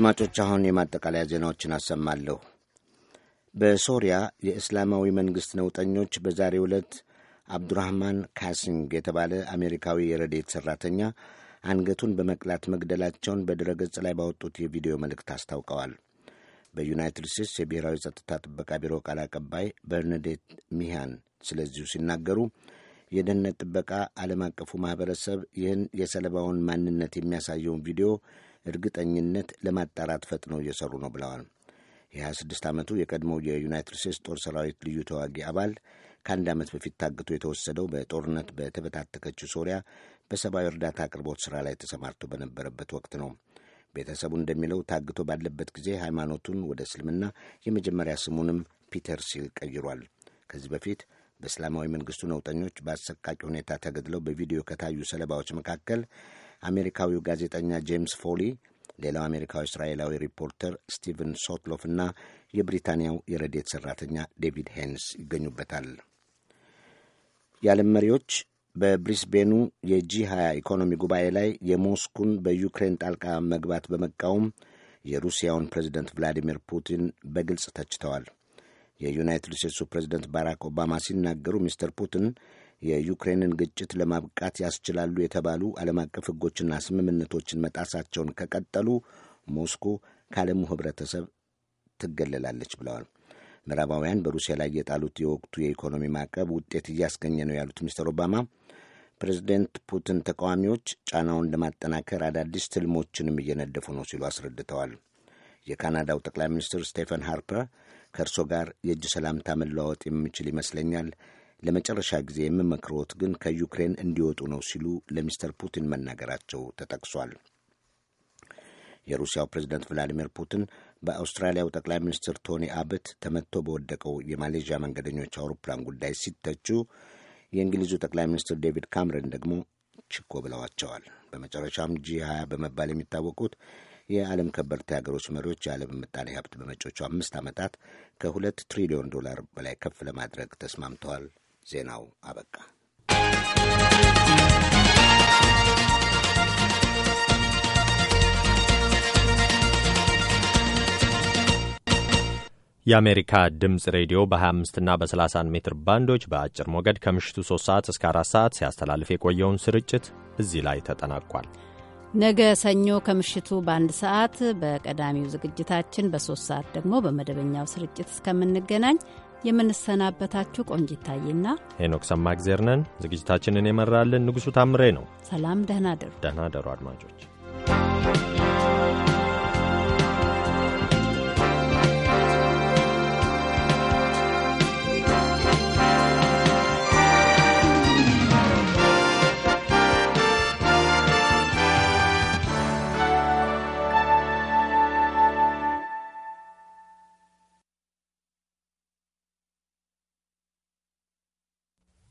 አድማጮች አሁን የማጠቃለያ ዜናዎችን አሰማለሁ። በሶሪያ የእስላማዊ መንግሥት ነውጠኞች በዛሬ ዕለት አብዱራህማን ካሲንግ የተባለ አሜሪካዊ የረዴት ሠራተኛ አንገቱን በመቅላት መግደላቸውን በድረገጽ ላይ ባወጡት የቪዲዮ መልእክት አስታውቀዋል። በዩናይትድ ስቴትስ የብሔራዊ ጸጥታ ጥበቃ ቢሮ ቃል አቀባይ በርነዴት ሚሃን ስለዚሁ ሲናገሩ የደህንነት ጥበቃ ዓለም አቀፉ ማኅበረሰብ ይህን የሰለባውን ማንነት የሚያሳየውን ቪዲዮ እርግጠኝነት ለማጣራት ፈጥነው እየሰሩ ነው ብለዋል። የ26 ዓመቱ የቀድሞው የዩናይትድ ስቴትስ ጦር ሰራዊት ልዩ ተዋጊ አባል ከአንድ ዓመት በፊት ታግቶ የተወሰደው በጦርነት በተበታተከችው ሶሪያ በሰብአዊ እርዳታ አቅርቦት ሥራ ላይ ተሰማርቶ በነበረበት ወቅት ነው። ቤተሰቡ እንደሚለው ታግቶ ባለበት ጊዜ ሃይማኖቱን ወደ እስልምና የመጀመሪያ ስሙንም ፒተር ሲል ቀይሯል። ከዚህ በፊት በእስላማዊ መንግስቱ ነውጠኞች በአሰቃቂ ሁኔታ ተገድለው በቪዲዮ ከታዩ ሰለባዎች መካከል አሜሪካዊው ጋዜጠኛ ጄምስ ፎሊ፣ ሌላው አሜሪካዊ እስራኤላዊ ሪፖርተር ስቲቨን ሶትሎፍ እና የብሪታንያው የረዴት ሠራተኛ ዴቪድ ሄንስ ይገኙበታል። የዓለም መሪዎች በብሪስቤኑ የጂ 20 ኢኮኖሚ ጉባኤ ላይ የሞስኩን በዩክሬን ጣልቃ መግባት በመቃወም የሩሲያውን ፕሬዚደንት ቭላዲሚር ፑቲን በግልጽ ተችተዋል። የዩናይትድ ስቴትሱ ፕሬዚደንት ባራክ ኦባማ ሲናገሩ ሚስተር ፑቲን የዩክሬንን ግጭት ለማብቃት ያስችላሉ የተባሉ ዓለም አቀፍ ሕጎችና ስምምነቶችን መጣሳቸውን ከቀጠሉ ሞስኮ ከዓለሙ ኅብረተሰብ ትገለላለች ብለዋል። ምዕራባውያን በሩሲያ ላይ የጣሉት የወቅቱ የኢኮኖሚ ማዕቀብ ውጤት እያስገኘ ነው ያሉት ሚስተር ኦባማ ፕሬዚደንት ፑቲን ተቃዋሚዎች ጫናውን ለማጠናከር አዳዲስ ትልሞችንም እየነደፉ ነው ሲሉ አስረድተዋል። የካናዳው ጠቅላይ ሚኒስትር ስቴፈን ሃርፐር ከእርሶ ጋር የእጅ ሰላምታ መለዋወጥ የሚችል ይመስለኛል ለመጨረሻ ጊዜ የምመክሮት ግን ከዩክሬን እንዲወጡ ነው ሲሉ ለሚስተር ፑቲን መናገራቸው ተጠቅሷል። የሩሲያው ፕሬዝደንት ቭላዲሚር ፑቲን በአውስትራሊያው ጠቅላይ ሚኒስትር ቶኒ አብት ተመትቶ በወደቀው የማሌዥያ መንገደኞች አውሮፕላን ጉዳይ ሲተቹ የእንግሊዙ ጠቅላይ ሚኒስትር ዴቪድ ካምረን ደግሞ ችኮ ብለዋቸዋል። በመጨረሻም ጂ 20 በመባል የሚታወቁት የዓለም ከበርቴ ሀገሮች መሪዎች የዓለም ምጣኔ ሀብት በመጪዎቹ አምስት ዓመታት ከሁለት ትሪሊዮን ዶላር በላይ ከፍ ለማድረግ ተስማምተዋል። ዜናው አበቃ። የአሜሪካ ድምፅ ሬዲዮ በ25 እና በ31 ሜትር ባንዶች በአጭር ሞገድ ከምሽቱ 3 ሰዓት እስከ 4 ሰዓት ሲያስተላልፍ የቆየውን ስርጭት እዚህ ላይ ተጠናቋል። ነገ ሰኞ ከምሽቱ በአንድ ሰዓት በቀዳሚው ዝግጅታችን፣ በሶስት ሰዓት ደግሞ በመደበኛው ስርጭት እስከምንገናኝ የምንሰናበታችሁ ቆንጂት ታዬና ሄኖክ ሰማእግዜር ነን። ዝግጅታችንን የመራልን ንጉሡ ታምሬ ነው። ሰላም፣ ደህና ደሩ። ደህና ደሩ አድማጮች።